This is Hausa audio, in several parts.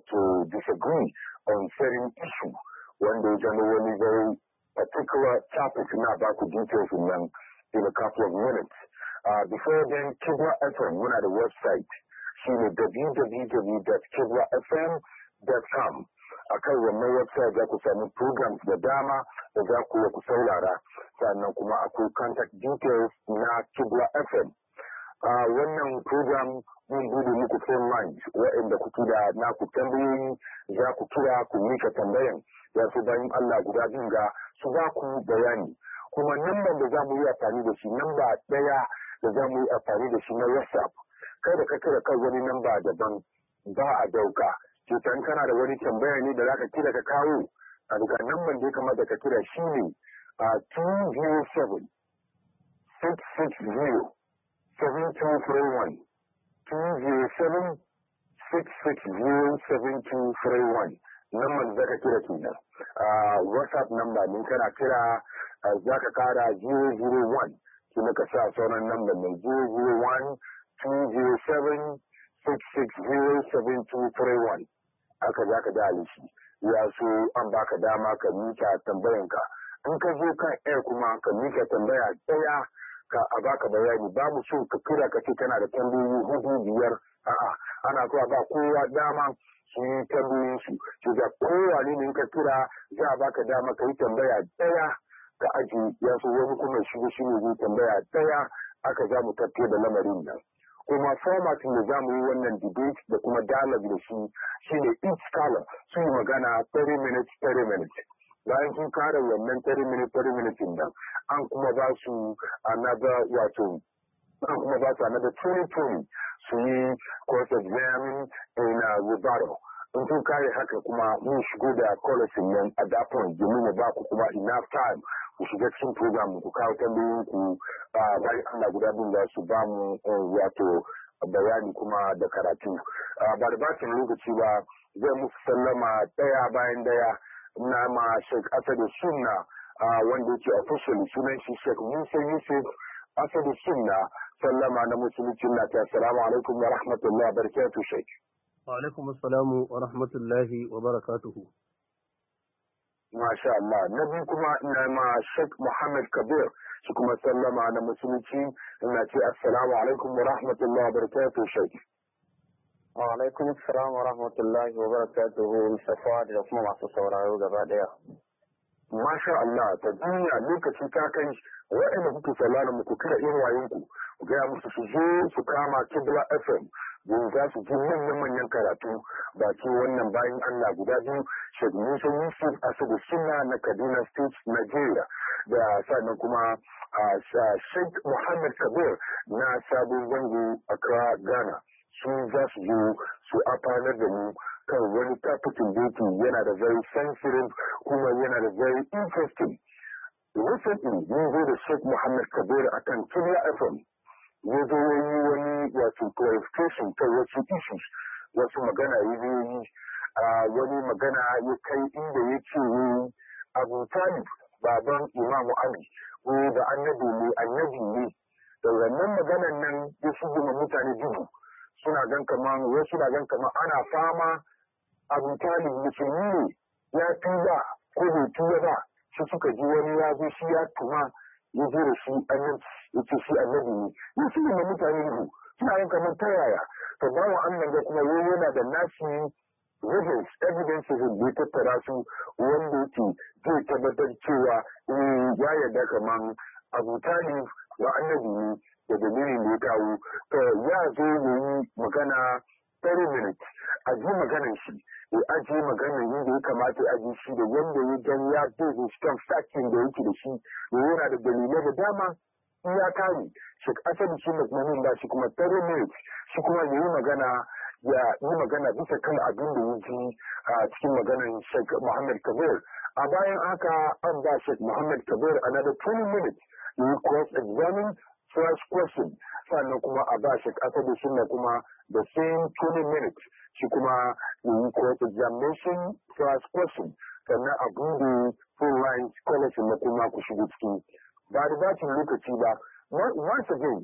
to disagree on certain issues when they a very particular topics, not back to details in them in a couple of minutes. Uh, before then, Kibra FM, one at the website, see the www.kibrafm.com. akan wannan website za ku sami programs da dama the za ku saurara sannan kuma akwai contact details na Kibra FM. a wannan program mun bude muku phone lines waɗanda kuke da naku tambayoyi za ku kira ku mika tambayan ya su bayan Allah guda biyu ga su ba ku bayani kuma namban da za mu yi amfani da shi namba ɗaya da za mu yi amfani da shi na whatsapp kada ka kira kan wani namba daban ba a dauka cutan kana da wani tambaya ne da za ka kira ka kawo a duka namban da ya kamata ka kira shi ne a 207 660 7231 207 6607231 nan da zaka kira kenan a ah, whatsapp number din kana kira ah, za ka kara 001 kina ka sa sauran number mai 001 207 6607231 haka za ka da alishi ya so an baka dama ka mika tambayanka in ka zo kan air kuma ka mika tambaya ɗaya ka a baka bayani ba mu so ka kira ka ce kana da tambayoyi hudu biyar a'a ana so ba kowa dama sun yi tambayoyin su to da kowa ne ne ka kira za a baka dama ka yi tambaya daya ka aji ya so wani kuma shi shi ne tambaya daya aka za mu tafiya da lamarin nan kuma format da za mu yi wannan debate da kuma dialogue da shi shine each color su magana 30 minutes 30 minutes bayan sun kare wannan 30 minutes 30 minutes an kuma ba su anaga wato an kuma ba su anaga 20 su yi course exam in uh, a in haka kuma mun shigo da college nan domin mu ba ku kuma enough time ku shiga cikin program ku kawo tambayoyin ku uh, bayan su ba mu uh, bayani kuma da karatu ba da bacin lokaci ba zai daya bayan daya na ma Sheikh Asadu Sunna wanda yake official sunan shi Sheikh Musa Yusuf Asadu Sunna sallama na musulunci lafiya assalamu alaikum wa rahmatullahi wa barakatuh Sheikh wa alaikum assalamu wa rahmatullahi wa barakatuhu Masha Allah, na biyu kuma ina ma Sheikh Muhammad Kabir shi kuma sallama na musulunci ina ce assalamu alaikum wa rahmatullahi wa barakatuh Sheikh. alaikum salam wa rahmatullahi wa barakatuhu safa da kuma masu sauraro gaba daya. Masha Allah ta duniya lokaci ta kai waɗanda kuke sauraron mu ku kira irin wayanku gaya musu su zo su kama Kibla FM don za su ji manyan manyan karatu ba baki wannan bayan Allah guda biyu shek Musa Yusuf Asibu Sunna na Kaduna State Nigeria da sannan kuma a Sheikh Muhammad Kabir na Sabon Zango Accra Ghana. su za su zo su fanar da mu kan wani tafikin doki yana da very sensitive kuma yana da very interesting in mun zo da sheikh muhammad kabir a kan Kenya fm ya zo ya yi wani wato clarification ta wasu issues wasu magana ya zo yi wani magana ya kai inda ya ce yi. abu talib baban imamu ali ko da annabi ne annabi ne da wannan maganan nan ya shige ma mutane dubu. suna gan kaman wasu suna gan kaman ana fama abu talib musulmi ne ya tuba ko bai tuba ba su suka ji wani ya zo shi ya tuma ya zo da shi annan ya ce shi annabi ne ya shi ne mutane ne suna yin kaman ta yaya to bawan annan ga kuma yau yana da rivers evidence evidences da ya tattara su wanda yake zai tabbatar cewa eh, ya yarda kaman abu talib wa annabi ne da dalilin da ya kawo to ya zo ya yi magana 30 minutes a ji maganan shi ya ajiye maganan da ya kamata ji shi da wanda ya gan ya shi strong stacking da yake da shi ya yana da dalilai da dama ya kare shi asali shi mutumin da shi kuma 30 minutes shi kuma ya yi magana ya yi magana bisa kan abin da ya ji a cikin maganan Sheikh Muhammad Kabir a bayan haka an ba Sheikh Muhammad Kabir another 20 minutes ya yi cross examine first question sannan kuma a ba shi kasa da na kuma the same 20 minutes shi kuma yi ko examination first question sannan a gudu full line scholarship na kuma ku shigo ciki ba da bacin lokaci ba once again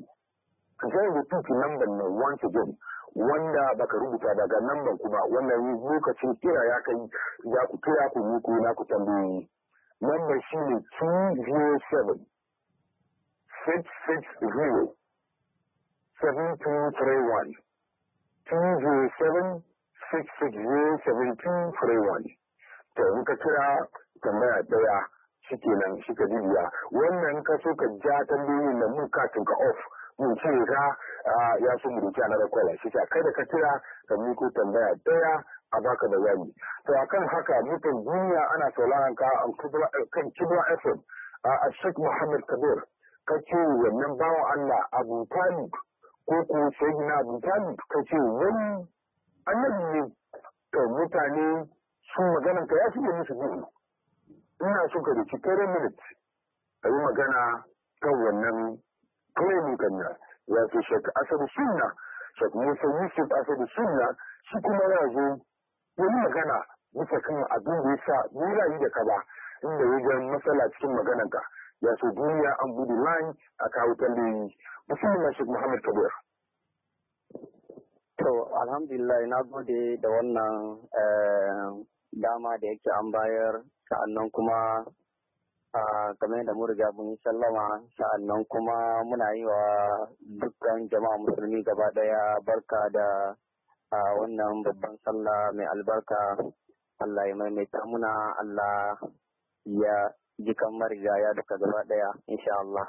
zai repeat number ne once again wanda baka rubuta daga namban kuma wannan lokacin kira ya kai ya ku kira ku yi ku na ku tambayoyi number shi ne 207 660 7231 207 660 to in ka kira tambaya ɗaya shike nan shi ka jibiya wannan ka so ka ja tambayoyin nan mun katin ka off mun ce ka ya so mu rubuta na rakwala shi ka kada ka kira ka miko tambaya ɗaya a baka da yayi to akan haka mutum duniya ana sauraron ka kan kibra fm a Sheikh Muhammad Kabir ka ce wannan bawan Allah Abu Talib ko ko Sayyidina Abu Talib ka ce wani annabi ne to mutane sun magana ka ya da musu biyu ina so ka da cikin minit a yi magana kan wannan claimin kanya ya ce shaka asar sunna shaka musa yusuf asar sunna shi kuma ya zo wani magana bisa kan abin da ya sa ni rayu da ka ba inda ya ga matsala cikin maganar ka so duniya an budu line a kawo yi musulman shi muhammad kabir to alhamdulillah na gode da wannan eh, dama da yake an bayar sa'annan kuma game da murga mun sallama sa'annan kuma muna yi wa dukkan jama'a musulmi gaba daya barka da a wannan babban sallah mai albarka Allah ya maimaita muna Allah ya jikan marigaya daga gaba daya insha Allah.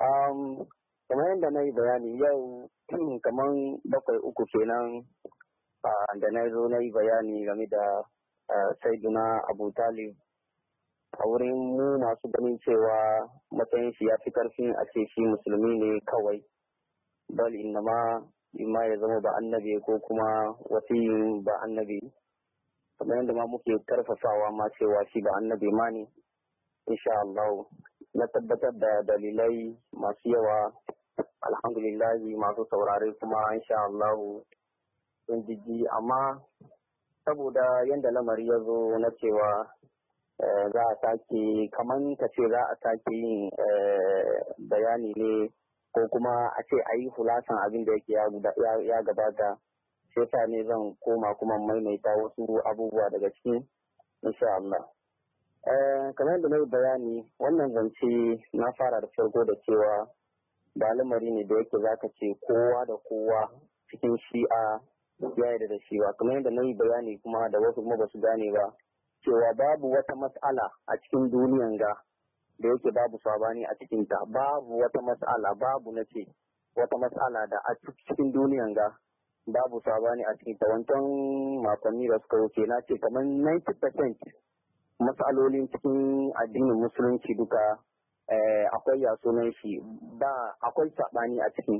Um, kamar yadda na yi bayani yau kamar bakwai uku kenan da na zo na yi bayani game da saiduna abu talib a wurin mu masu ganin cewa matsayin shi ya fi karfin a ce shi musulmi ne kawai bal innama ma ya zama ba annabi ko kuma wasiyin ba annabi kamar yadda ma muke karfafawa ma cewa shi ba annabi ma ne insha Allah na tabbatar da dalilai masu yawa alhamdulillahi masu saurare kuma insha Allah sun jiji amma saboda yadda lamari ya zo na cewa eh, za a sake kaman ka ce za a sake yin eh, bayani ne ko kuma a ce a yi hulasan abin da yake ya gabata sai ne zan koma kuma maimaita wasu abubuwa daga cikin insha Allah. Eh, kamar yadda na yi bayani wannan zance na fara da farko da cewa da lamari ne da yake zaka ce kowa da kowa cikin shi'a ya yarda da shi ba kamar yadda na yi bayani kuma da wasu kuma ba su gane ba cewa babu wata matsala a cikin duniyan ga da yake babu sabani a cikin ta babu wata matsala babu na ce wata matsala da a cikin duniyan ga babu sabani a cikin ta wancan makonni da suka wuce na ce kamar 90 matsalolin cikin addinin musulunci duka eh, akwai ya sunan shi ba akwai saɓani a ciki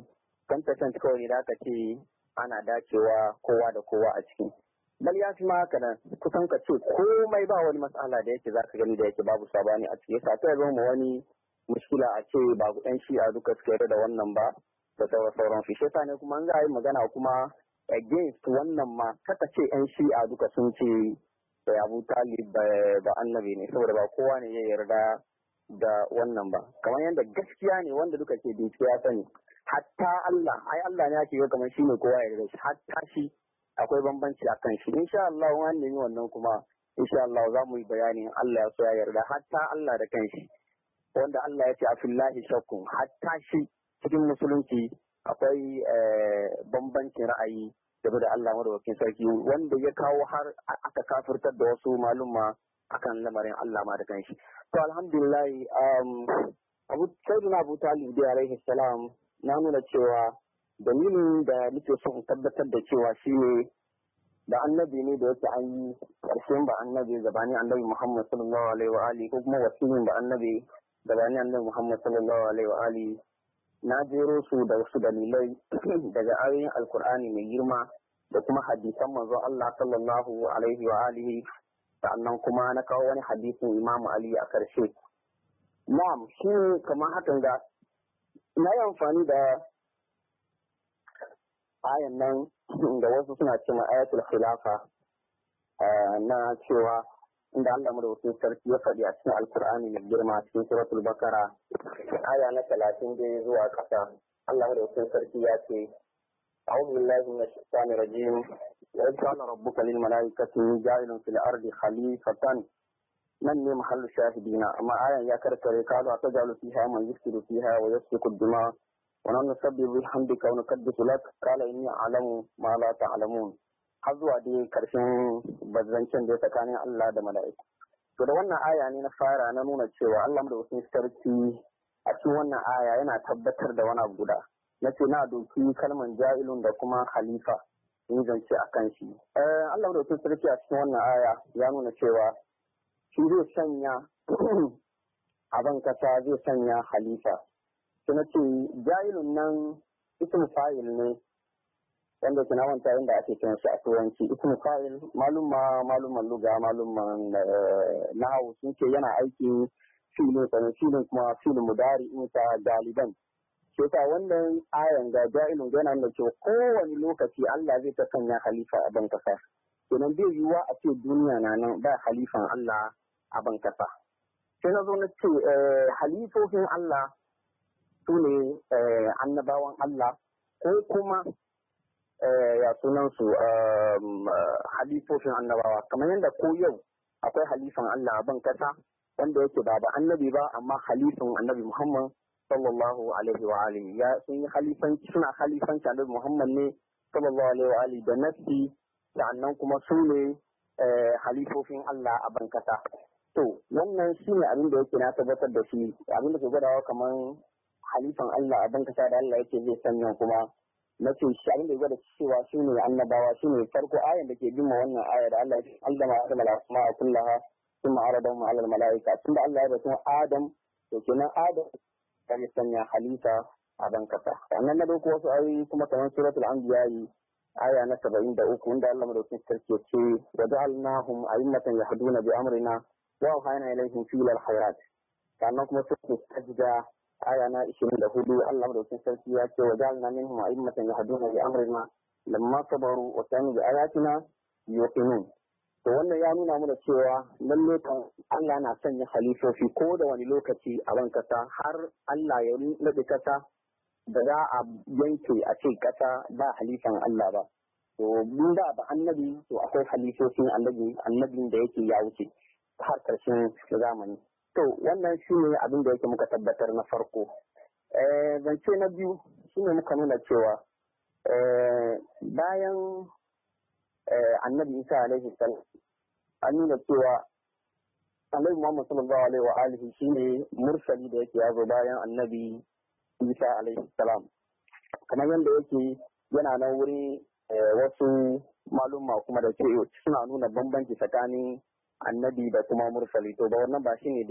kan kawai da aka ce ana dacewa kowa da kowa a ciki bal ya fi maka nan kusan ka ce komai ba wani matsala da yake zaka gani da yake babu saɓani a ciki yasa ta zama wani mushkila a ce ba ku ɗan shi'a duka suka yarda da wannan ba da sauran sauran shi shesa ne kuma an za a yi magana kuma against wannan ma kaka ce yan shi'a duka sun ce abu talib ba annabi ne saboda ba kowa ne ya yarda da wannan ba kamar yadda gaskiya ne wanda duka ke bincike ya sani hatta Allah ai Allah ne yake yi kamar shi ne kowa ya yarda shi hatta shi akwai bambanci a kan shi insha Allah ne wannan kuma insha Allah za mu yi bayani Allah ya so ya yarda hatta Allah da kanshi wanda Allah ya ce a fillahi shakkun hatta shi cikin musulunci akwai eh, bambancin ra'ayi game da Allah madawakin sarki wanda ya kawo har aka kafirtar da wasu malumma akan lamarin Allah ma da kanshi to alhamdulillah um, abu sayyidina abu talib da alaihi salam na nuna cewa dalilin da nake son tabbatar da cewa shine da annabi ne da yake an yi ƙarshen ba annabi gabanin annabi Muhammad sallallahu alaihi wa alihi ko kuma wasilin ba annabi gabanin annabi Muhammad sallallahu alaihi wa alihi na jero su da wasu dalilai daga ayoyin alkur'ani mai girma da kuma hadisan manzon Allah sallallahu alaihi wa alihi sannan kuma na kawo wani hadisin Imam Ali a karshe na'am shi kamar hakan da na yi amfani da ayan nan da wasu suna cewa ayatul khilafa eh, na cewa inda Allah madaukakin sarki ya faɗi a cikin alkur'ani mai girma cikin suratul bakara aya na talatin da zuwa ƙasa Allah sarki ya ce أعوذ بالله من الشيطان الرجيم وإذ قال ربك للملائكة جاعل في الأرض خليفة من لي محل الشاهدين أما آية يا كركري قالوا أتجعل فيها من يفسد فيها ويسفك الدماء ونحن نسبح بحمدك ونقدس لك قال إني أعلم ما لا تعلمون har zuwa dai karshen bazancen da ya tsakanin Allah da mala'iku. To da wannan aya ne na fara na nuna cewa Allah da wasu sarki a cikin wannan aya yana tabbatar da wani guda. Na ce na doki kalman ja'ilun da kuma khalifa in zance a kan shi. Eh, Allah da wasu sarki a cikin wannan aya ya nuna cewa shi zai sanya abin kasa zai sanya halifa Sai na ce ja'ilun nan ismu fa'il ne wanda suna wanta wanda ake kiran su a turanci ibn fa'il malumma malumman luga malumman eh, nahawu sun ce yana aiki filin sanin filin kuma filin mudari in ta galiban ke ta wannan ayan ga ja'ilun yana da cewa kowane lokaci Allah zai ta sanya halifa a ban kenan bai yiwuwa a ce duniya na nan ba halifan Allah a ban kasa sai na zo na ce eh, halifofin Allah su ne eh, annabawan Allah ko kuma Eh, ya sunansu um, uh, halifofin annabawa kamar yadda ko yau akwai halifan Allah ban kasa wanda yake ba ba annabi ba amma halifin annabi Muhammad sallallahu alaihi wa alihi ya sun yi suna halifan annabi Muhammad ne sallallahu alaihi wa alihi da nafsi sannan kuma su ne eh, halifofin Allah a ban kasa to wannan shine abin da yake na tabbatar da shi abin da ke gwadawa kamar halifan Allah a ban kasa da Allah yake zai sanya kuma mafici abin da ya gwada cewa su ne annabawa su ne farko ayan da ke bima wannan ayar Allah ya allama adam al-asma kullaha thumma aradahum ala al-mala'ika tunda Allah ya rasu Adam to kenan Adam kan sanya halitta a ban kasa sannan na dauko wasu ayoyi kuma kamar suratul anbiya aya na 73 inda Allah madaukakin sarki ya ce wa ja'alnahum a'immatan yahduna bi amrina wa hayana ilaihim fil khairat sannan kuma suratul sajda aya na hudu Allah madaukakin sarki ya ce wa ja'alna minhum a'immatan haduna bi amrina lamma sabaru wa kanu bi ayatina yuqinun to wannan ya nuna mana cewa lalle kan Allah na sanya halifofi ko da wani lokaci a ban kasa har Allah ya nade kasa da za a yanke a ce kasa ba halifan Allah ba to mun da ba annabi to akwai halifofin annabi annabin da yake ya wuce har karshen zamani To wannan shi ne abin da yake muka tabbatar na farko. Eh, zance na biyu shi ne muka nuna cewa eh, bayan eh, annabi Isa alaihi salam an nuna cewa annabi Muhammad sallallahu alaihi wa alihi shi ne mursali da yake yazo bayan annabi Isa alaihi salam. Kamar yadda yake yana nan wuri wasu maluma kuma da ke suna nuna bambanci tsakanin annabi da kuma mursali to da wannan ba shine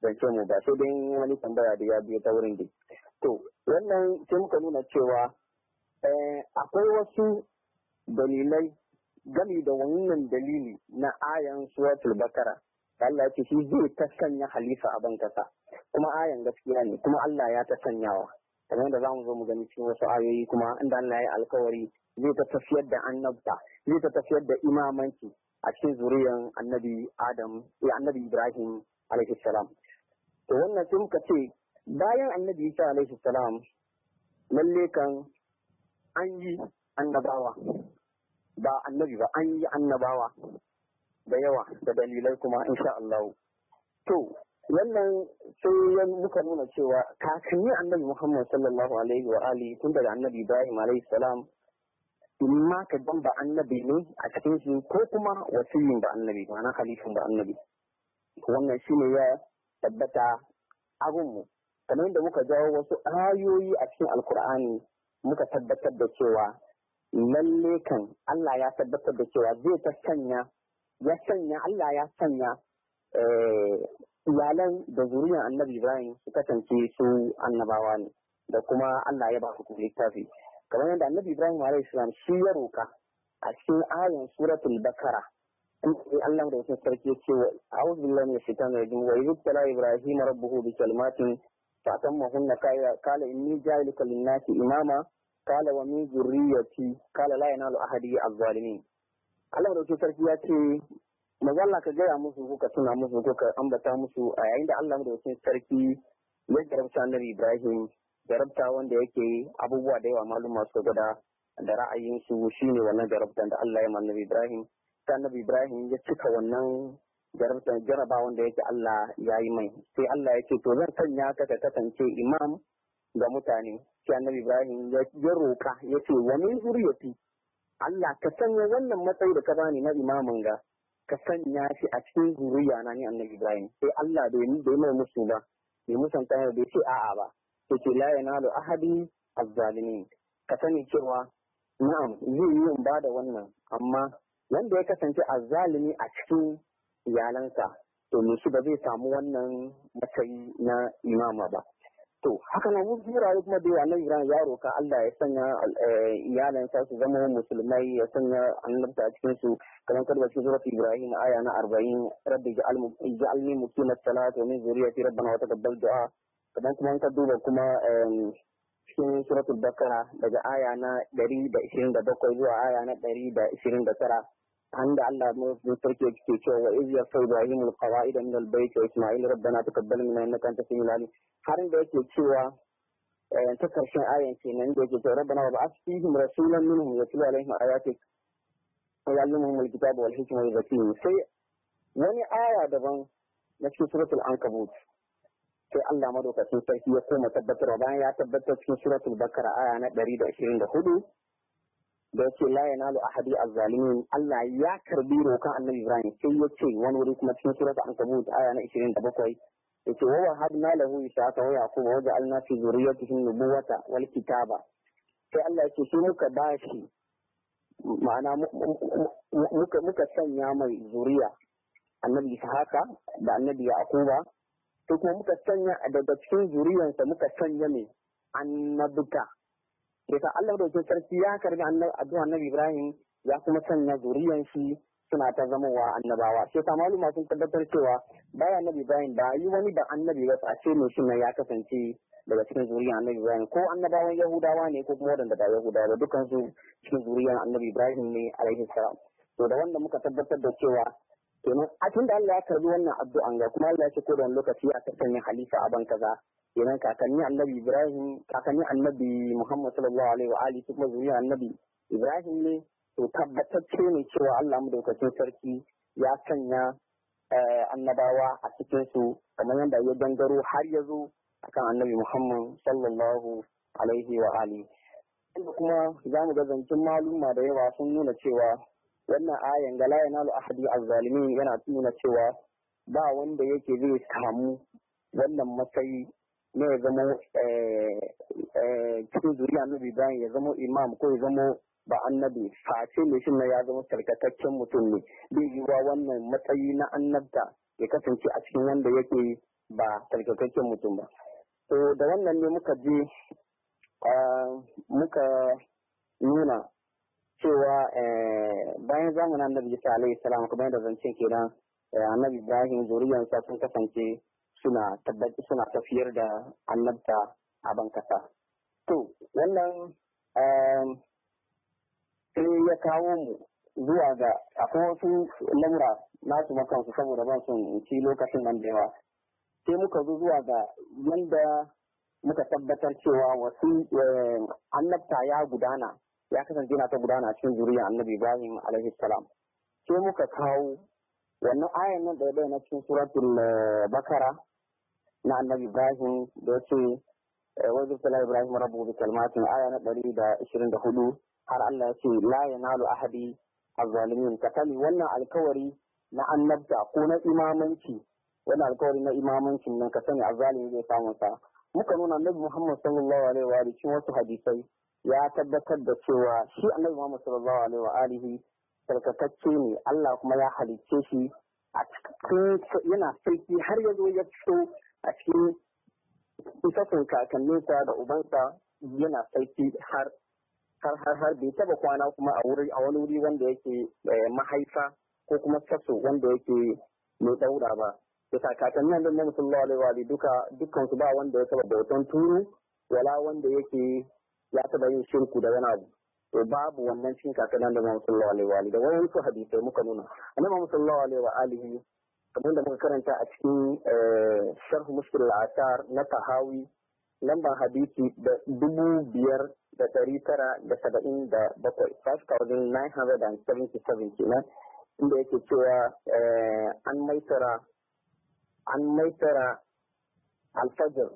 dai ce mu ba sai dai wani tambaya da ya biyo ta wurin dai to wannan sai muka nuna cewa eh, akwai wasu dalilai gami da wannan dalili na ayan suratul bakara Allah ce shi zai ta sanya halifa a ban kasa kuma ayan gaskiya ne kuma Allah ya ta sanyawa kamar da zamu zo mu gani cikin wasu ayoyi kuma inda Allah ya alkawari zai ta tafiyar da annabta zai ta tafiyar da imamanci a cikin zuriyan annabi adam ya eh, annabi ibrahim alaihi salam to wannan sun ka ce bayan annabi isa alaihi salam lalle kan an yi annabawa ba annabi ba an yi annabawa da yawa da dalilai kuma insha Allah to wannan sai ya muka nuna cewa kakanni annabi Muhammad sallallahu alaihi wa alihi tun daga annabi Ibrahim alaihi salam Imma ka dan ba annabi ne a cikin shi ko kuma wasiyin da annabi ma'ana halifin da annabi wannan shi ne ya tabbata abinmu kamar yadda muka jawo wasu ayoyi a cikin alkur'ani muka tabbatar da cewa lalle kan Allah ya tabbatar da cewa zai ta sanya ya sanya Allah ya sanya eh, iyalan da zuriyar annabi Ibrahim su kasance su annabawa ne da kuma Allah ya ba su littafi kamar yadda annabi ibrahim alaihi salam shi ya roka a cikin ayan suratul bakara in Allah da wasu sarki ce wa a'udhu billahi minash shaitanir rajim wa idh tala ibrahim rabbuhu bi kalimatin fa tammahunna qala inni ja'iluka lin-nasi imama qala wa min dhurriyyati qala la yanalu ahadi az-zalimin Allah da wasu sarki ya ce mazalla ka gaya musu ko ka tuna musu ko ka ambata musu a yayin da Allah da wasu sarki ya garabta annabi ibrahim jarabta wanda yake abubuwa da yawa maluma suka gwada da ra'ayinsu ne wannan jarabtan da Allah ya ma Ibrahim Ta Nabi Ibrahim ya cika wannan jarabtan jaraba wanda yake Allah ya yi mai sai Allah ya ce to zan sanya ka ka kasance imam ga mutane sai Nabi Ibrahim ya roka ya ce Wani zuriyati Allah ka sanya wannan matsayi da ka bani na imamin ga ka sanya shi a cikin zuriya na ni Annabi Ibrahim sai Allah bai bai mai musu ba bai musanta da bai ce a'a ba yake la yanalu Ahadi azzalimin ka sani cewa na'am zai yi yin bada wannan amma wanda ya kasance azzalimi a cikin iyalansa to shi ba zai samu wannan matsayi na imama ba to haka na wasu wurare kuma da annabi Ibrahim ya roka Allah ya sanya eh, iyalansa su zama musulmai ya sanya annabta a cikin su kamar kadda cikin surat Ibrahim aya na 40 rabbi ja'alni muqimat salati wa min zurriyyati rabbana wa taqabbal du'a Kadan kuma ka duba kuma cikin suratul bakara daga aya na ɗari da ishirin da bakwai zuwa aya na ɗari da ishirin da tara عند الله من تركي كتيك وإذ يرفع إبراهيم القواعد من البيت وإسماعيل ربنا تقبل منا إنك أنت السميع العليم حرم بيت يتشوى آه، تذكر شيء آية كينا عند ربنا وابعث فيهم رسولا منهم يتلو عليهم آياتك ويعلمهم الكتاب والحكمة ويزكيهم سي وني آية دبان نفس سورة العنكبوت sai Allah madaukakin sarki ya koma tabbatarwa bayan ya tabbatar cikin suratul bakara aya na ɗari da ashirin da hudu da yake la yanalu ahadi azzalimin Allah ya karbi rokan annabi Ibrahim sai ya ce wani wuri kuma cikin suratul ankabut aya na 27 yace wa wahabna lahu isaaka wa yaquba wa ja'alna fi dhurriyyatihi nubuwata wal kitaba sai Allah yake sai muka bashi ma'ana muka muka sanya mai zuriya annabi haka da annabi akuba. to kuma muka sanya daga cikin zuriyarsa muka sanya ne annabuta yasa Allah da sarki ya karbi addu'a annabi Ibrahim ya kuma sanya zuriyar shi suna ta zama wa annabawa sai ta maluma sun tabbatar cewa baya annabi Ibrahim ba yi wani da annabi ba a ce mai ya kasance daga cikin zuriyar annabi Ibrahim ko annabawan Yahudawa ne ko kuma wadanda ba Yahudawa ba dukkan su cikin zuriyar annabi Ibrahim ne alaihi salam to da wanda muka tabbatar da cewa kenan a tun da Allah ya karbi wannan addu'an ga kuma Allah ya ce ko da lokaci ya kasance halifa a banka za kenan kakanni annabi Ibrahim kakanni annabi Muhammad sallallahu alaihi wa alihi kuma zuriya annabi Ibrahim ne to tabbatacce ne cewa Allah madaukakin sarki ya sanya eh, annabawa a cikin su kamar yadda ya dangaro har ya zo akan annabi Muhammad sallallahu alaihi wa alihi kuma za mu ga zancen maluma da yawa sun nuna cewa wannan ayan ga layan alu ahadi azzalimin yana nuna cewa ba wanda yake zai samu wannan matsayi ne ya zamo eh, eh, cikin zuriya annabi bayan ya zamo imam ko ya zamo ba annabi face mai na ya zama tarkataccen mutum ne bai yiwa wannan matsayi na annabta ya kasance a cikin wanda yake ba tarkataccen mutum ba to da wannan ne muka je eh, muka nuna cewa eh, bayan zamanin annabi Isa alaihi salam kuma da zancen kenan eh, annabi Ibrahim zuriyarsa sun kasance suna tabbaci suna tafiyar da annabta a bankasa to wannan eh, sai ya kawo mu zuwa ga akwai wasu lamura nasu makansu saboda ban sun ci lokacin nan da yawa sai muka zo zuwa ga yanda muka tabbatar cewa wasu annabta ya gudana ya kasance na ta gudana cikin zuriyar annabi ibrahim alaihi salam sai muka kawo wannan ayan nan da na cikin suratul eh, bakara na annabi ibrahim da ya ce eh, wajen tala ibrahim rabu bi kalmatin aya na 124 har allah ya ce la yanalu ahadi azzalimin ka wannan alkawari na annabta ko na imamanci wannan alkawari na imamancin nan ka sani azzalimi zai samu sa muka nuna annabi muhammad sallallahu alaihi wa cikin wasu hadisai ya tabbatar da cewa shi annabi Muhammad sallallahu alaihi wa alihi sarkakacce ne Allah kuma ya halicce shi a cikin yana sarki har ya zo ya fito a cikin kakannin sa da ubansa yana sarki har har har har bai taba kwana kuma a wuri a wani wuri wanda yake eh, mahaifa ko kuma kaso wanda yake mai daura ba da kakannin da Muhammad sallallahu alaihi wa alihi duka dukkan su ba wanda ya taba bautan turu wala wanda yake ya taɓa yin shirku da wani abu to babu wannan cin nan da Muhammad sallallahu alaihi wa alihi da wani su hadisai muka nuna annabi Muhammad sallallahu alaihi wa alihi kamar da muka karanta a cikin eh, sharh mushkil al-athar na Tahawi lambar hadisi da dubu biyar da dari tara da saba'in da bakwai five thousand nine hundred and seventy seven kenan inda yake cewa eh, an maitara an maitara alfajir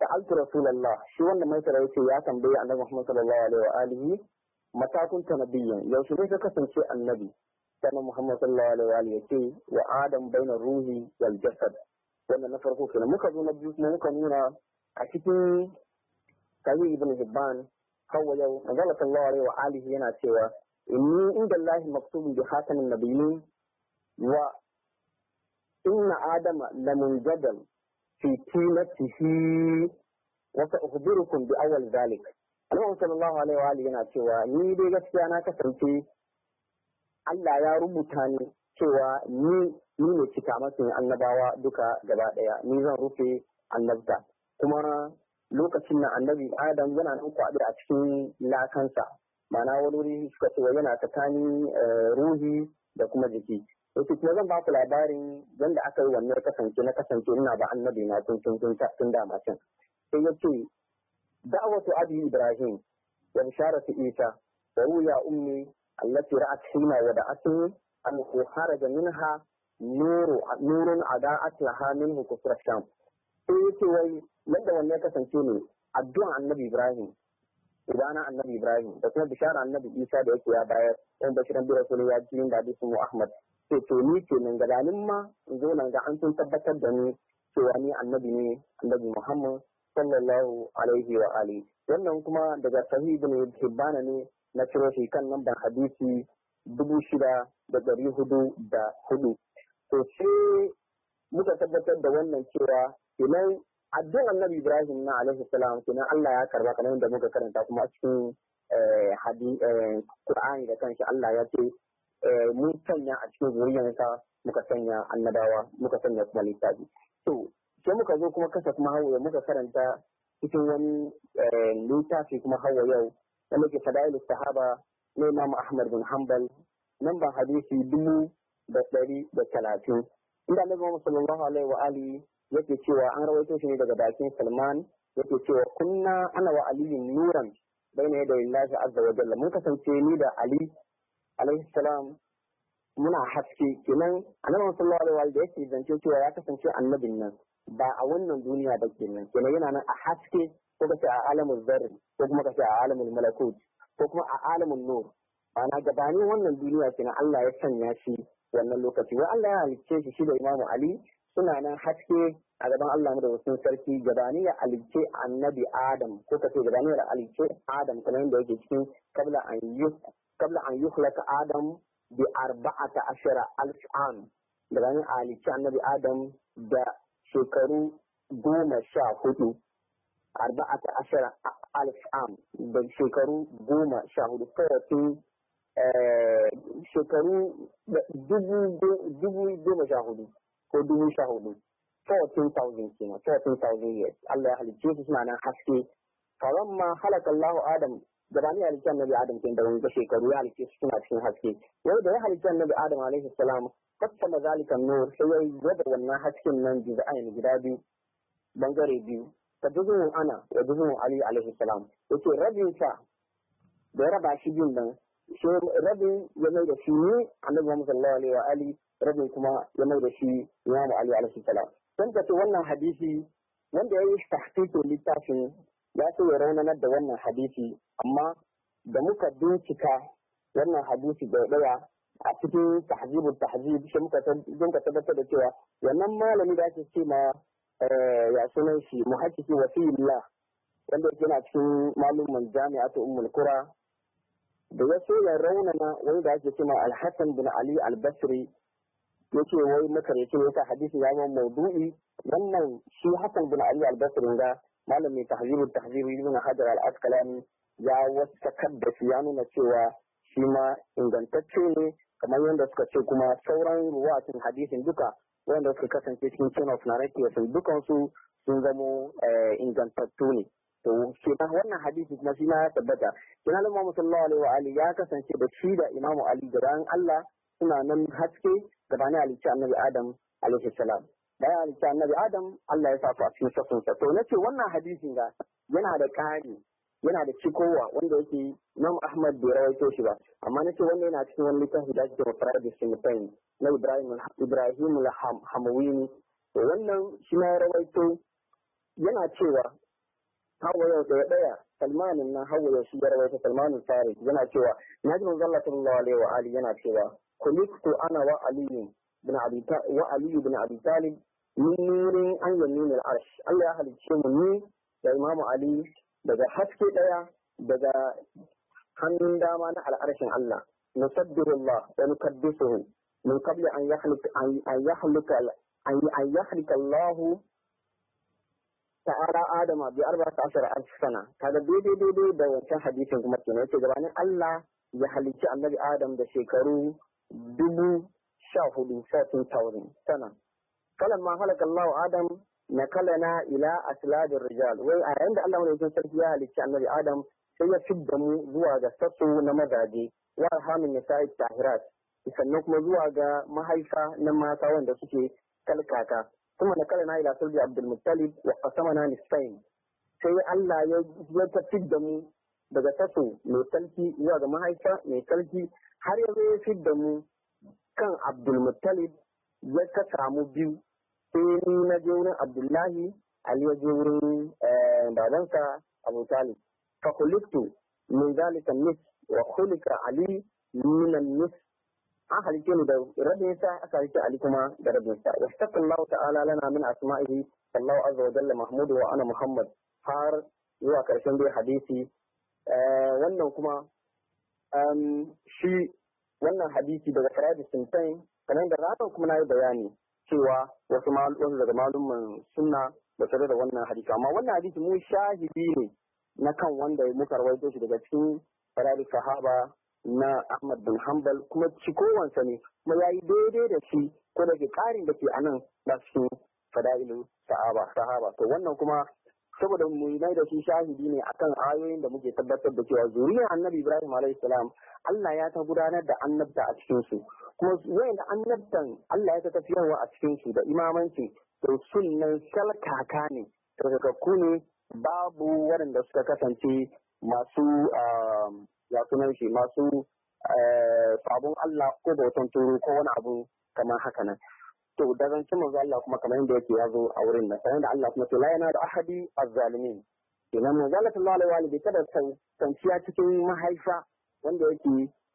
sa'altu rasulullah shi wannan mai sarai ce ya tambayi annabi Muhammad sallallahu alaihi wa alihi matakun ta nabiyyin yaushe ne ka kasance annabi sannan Muhammad sallallahu alaihi wa alihi ya ce wa adam baina ruhi wal jasad wannan na farko kenan muka zo na biyu kuma muka nuna a cikin sahih ibn hibban kawai yau manzo sallallahu alaihi wa alihi yana cewa inni inda Allah maktubun bi khatamin nabiyyin wa inna adama lamun jadal في قيمته وسأخبركم بأول ذلك Allahu sallallahu alaihi wa yana cewa ni dai gaskiya na kasance Allah ya rubuta ni cewa ni ni ne cika masu annabawa duka gaba daya ni zan rufe annabta kuma lokacin na annabi Adam yana nan kwaɗe a cikin lakansa ma'ana wani wuri suka ce yana tsakanin ruhi da kuma jiki Yake kuma zan ba ku labarin yadda aka yi wannan kasance na kasance ina ba annabi na tun tun tun tun da macin. Sai ya ce da'awatu abi Ibrahim wa bisharatu Isa wa ruya ummi allati ra'at hina wa da'atni an kharaja minha nuru nurun ada'at laha minhu kusra sham. Sai ya ce wai yadda wannan kasance ne addu'an annabi Ibrahim gudana annabi Ibrahim da kuma bishara annabi Isa da yake ya bayar ɗan bashiran bi rasul ya ji da hadisin Ahmad. to to ni kenan gabanin ma in zo nan ga an sun tabbatar da ni cewa ni annabi ne annabi Muhammad sallallahu alaihi wa alihi wannan kuma daga sahih ibn hibbana ne na ciro shi kan lambar hadisi dubu shida da dari hudu da hudu to sai muka tabbatar da wannan cewa kenan addu'ar annabi Ibrahim na alaihi salam kenan Allah ya karba kamar yadda muka karanta kuma a cikin eh, eh, Qur'ani da kanshi Allah ya ce Eh, mun sanya a cikin zuriyarsa muka sanya annabawa muka sanya kuma littafi to sai muka zo kuma kasa kuma muka karanta cikin wani eh, littafi kuma hawa yau wanda muke fada'ilu sahaba na imam ahmad bin hanbal nan ba hadisi dubu da ɗari da talatin inda annabi muhammad sallallahu alaihi wa ali yake cewa an rawaito shi ne daga bakin salman yake cewa kunna ana wa aliyin nuran yadda yadayin lahi azza wa jalla mun kasance ni da ali alaihi salam muna haske kenan annabi sallallahu alaihi wasallam da yake zance cewa ya kasance annabin nan ba a wannan duniya ba kenan kenan yana nan a haske ko kace a alamin zarri ko kuma kace a alamul malakut ko kuma a alamin nur ma'ana gabanin wannan duniya kenan Allah ya sanya shi wannan lokaci wai Allah ya halicce shi shi da Imam Ali suna nan haske a gaban Allah mu da wasu sarki gabani ya alice annabi Adam ko ka ce gabani ya alice Adam kamar yadda yake cikin kabla an yi kabla an yukhlaka Adam bi arba'ata ashara alf am gabani alice annabi Adam da shekaru goma sha hudu arba'ata ashara alf am da shekaru goma sha hudu kawai eh, shekaru dubu goma sha hudu ko dubu sha hudu 14,000 kenan 14,000 years Allah ya halicce su suna nan haske kawan ma halaka Allahu Adam gabani ya annabi Adam kenan da wani shekaru ya halicce su suna cikin haske yau da ya halicci annabi Adam alaihi salam fassama zalika nur sai ya raba wannan hasken nan juz'ain guda biyu bangare biyu ta juzun ana da juzun Ali alaihi salam rabin sa da ya raba shi biyun nan rabin ya mai da shi ne annabi sallallahu alaihi wa ali rabin kuma ya mai da shi Ali alaihi salam sun tafi wannan hadisi wanda ya yi tahqiqin littafin ya ce ya raunanar da wannan hadisi amma da muka bincika wannan hadisi bai daya a cikin tahzibu tahzib shi muka dinka tabbatar da cewa wannan malami da ake ce ma eh, ya sunan shi muhakkiki wasiyullah wanda yake na cikin malumin jami'atu ummul qura da ya so ya raunana wanda ake ce ma al-hasan bin ali al-basri yake wai makarantu yasa hadisi ya zama maudu'i wannan shi Hassan bin Ali al-Basri ga malamin tahzibu tahzibu ibn Hajar al-Asqalani ya wasakar da shi ya nuna cewa shi ma ingantacce ne kamar yadda suka ce kuma sauran ruwatin hadisin duka wanda suka kasance cikin chain of narrative dukansu sun zamo eh, ingantattu ne to kenan wannan hadisi kuma shi ma ya tabbata kenan Imam sallallahu alaihi wa alihi ya kasance da shi da imamu Ali da ran Allah suna nan haske gabanin halicci annabi adam alaihi salam bayan halicci annabi adam Allah ya sa su a cikin sa to na ce wannan hadisin ga yana da ƙari yana da cikowa wanda yake nan Ahmad bai rawaito shi ba amma nace wannan yana cikin wani littafi da ake fara da Sinitain na Ibrahim Ibrahim Hamawini to wannan shi ma ya rawaito yana cewa hawa yau da daya Salmanin nan hawa yau shi ya rawaito Salmanin Farid yana cewa naji manzo Allah sallallahu alaihi wa alihi yana cewa خلقت أنا وعلي بن أبي وعلي بن أبي طالب من نور أن يمين العرش الله أهل ni da Imam Ali daga haske ɗaya daga hannun dama na al'arshin Allah نسبح الله ونقدسه من قبل أن يخلق أن يخلق أن يخلق الله ta'ala Adama bi arba ta ashara alf sana kaga daidai daidai da wancan hadisin kuma kenan yace gabanin Allah ya halicci annabi Adam da shekaru dubu sha hudu 14,000 tana. kalan ma halaka Allah Adam na kalana ila aslabin rijal wai a yayin da Allah sarki ya halicci annabi Adam sai ya da mu zuwa ga sassu na mazaje wa hamin ya sa'id tahirat sannan kuma zuwa ga mahaifa na mata wanda suke kalkaka kuma na kalana ila sulbi abdul muttalib sama na nisfain sai Allah ya ya da mu daga taso mai sarki zuwa ga mahaifa mai sarki har yanzu ya fi da mu kan abdulmuttalib ya ka samu biyu sai eh, ni na je wurin abdullahi ali ya je wurin eh, babansa abu talib Ka khuliqtu min zalika nis wa kulika ali min nis an halice ni da rabin sa aka halice ali kuma da rabin sa wa taqallahu ta'ala lana min asma'ihi sallahu azza wa jalla mahmud wa ana muhammad har zuwa karshen dai hadisi eh, wannan kuma shi wannan hadisi daga Faradi Sintain kanan da ranar kuma na yi bayani cewa wasu wasu daga malumman sunna da tare da wannan hadisi amma wannan hadisi mu shahidi ne na kan wanda muka rawaito shi daga cikin Faradi Sahaba na Ahmad bin Hanbal kuma kowansa ne kuma ya yi daidai da shi ko da ke ƙarin da ke anan da su fada'ilu sahaba sahaba to wannan kuma saboda mu yi da su shahidi ne akan ayoyin da muke tabbatar da cewa zuriyar annabi ibrahim alayhi salam Allah ya ta gudanar da annabta a cikin su kuma wayanda annabtan Allah ya ta tafiyarwa a cikin su da imamanci to sunnan shalkaka ne tsarkakakku ne babu waɗanda suka kasance masu ah, ya sunan shi masu eh, sabon Allah ko bautan turu ko wani abu kamar haka nan to da zancen manzo Allah kuma kamar yadda yake yazo a wurin nan sanan da Allah kuma to la yana da ahadi azzalimin kenan manzo Allah sallallahu alaihi wa alihi kada kwanciya cikin mahaifa wanda yake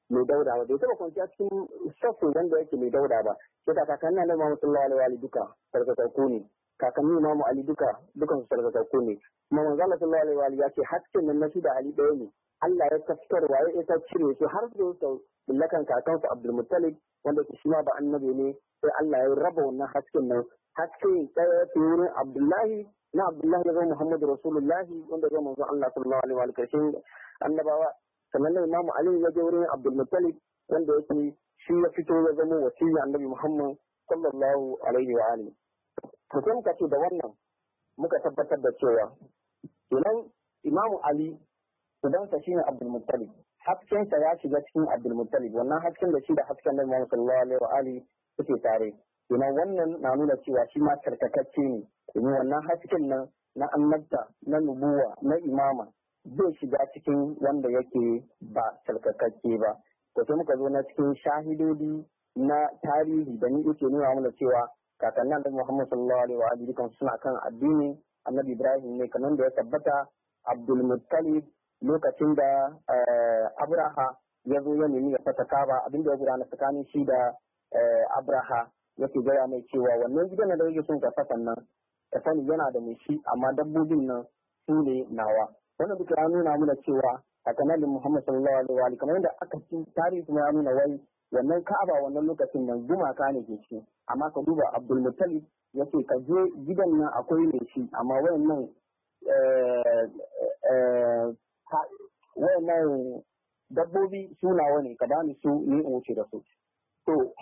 mai dauda ba bai taba kwanciya cikin shafu wanda yake mai dauda ba sai da kakannin Annabi Muhammad sallallahu alaihi wa alihi duka sarkatarku ne kakannin Imam Ali duka dukan su sarkatarku ne kuma manzo Allah sallallahu alaihi wa alihi ya ce hakkin nan na shi da Ali ɗaya ne Allah ya tafkarwa ya isa cire su har da yau mallakan kakansu Abdul Muttalib wanda shi shima ba annabi ne sai Allah ya raba wannan hasken nan haske ɗaya ta wurin Abdullahi na Abdullahi ya zama Muhammadu Rasulullahi wanda zai manzo Allah sallallahu alaihi wa karshen annabawa kamar nan Imam Ali ya je wurin Abdul Muttalib wanda yake shi ya fito ya zama wasiya annabi Muhammad sallallahu alaihi wa alihi to kun ka ce da wannan muka tabbatar da cewa kenan Imam Ali idan sa shine Abdul Muttalib haskensa ya shiga cikin abdulmuttalib wannan hasken da shi da hasken da Muhammad sallallahu alaihi wa ali suke tare kenan wannan na nuna cewa shi ma tarkakacce ne domin wannan hasken nan na annabta na nubuwa na imama zai shiga cikin wanda yake ba tarkakacce ba ko sai muka zo na cikin shahidodi na tarihi da ni yake nuna mana cewa kakannin da Muhammad sallallahu alaihi wa alihi suna kan addini annabi Ibrahim ne kamar da ya tabbata Abdul lokacin da eh, abraha ya zo ya nemi ya fata kaba abin da ya gudana tsakanin shi da eh, abraha ke gaya mai cewa wannan gidan na yake son ka fata nan ka sani yana da mai shi amma dabbobin nan su ne nawa wannan duk ya nuna mana cewa a kanalin muhammad sallallahu alaihi wa kamar yadda aka ci tarihi kuma ya nuna wai wannan kaba, wannan lokacin nan gumaka ne ke ci amma ka duba abdul ya ce ka je gidan nan akwai mai shi amma wayannan eh, wayannan dabbobi sunawa ne ka bani su ni in wuce da su to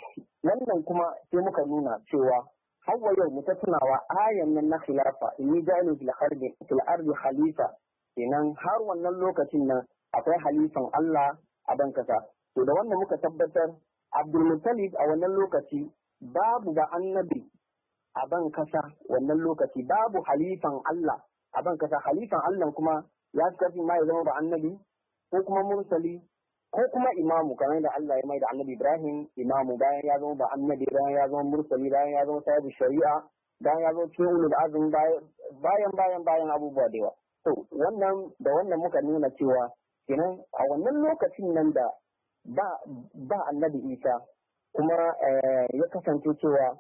wannan kuma sai muka nuna cewa hawa yau mu ta tunawa ayan nan na khilafa inni jani bil harbi fil ardi khalifa kenan har wannan lokacin nan akwai halifan Allah a ban kasa to da wannan muka tabbatar Abdul a wannan lokaci babu ga annabi a ban kasa wannan lokaci babu halifan Allah a ban kasa halifan Allah kuma ya tafi ma ya zama ba annabi ko kuma mursali ko kuma imamu kamar da Allah ya mai da annabi Ibrahim imamu bayan ya zama ba annabi bayan ya zama mursali bayan ya zama sahibi shari'a bayan ya zama cikin ulul azum bayan bayan bayan abubuwa da yawa to wannan da wannan muka nuna cewa kenan a wannan lokacin nan da ba ba annabi Isa kuma eh, ya kasance cewa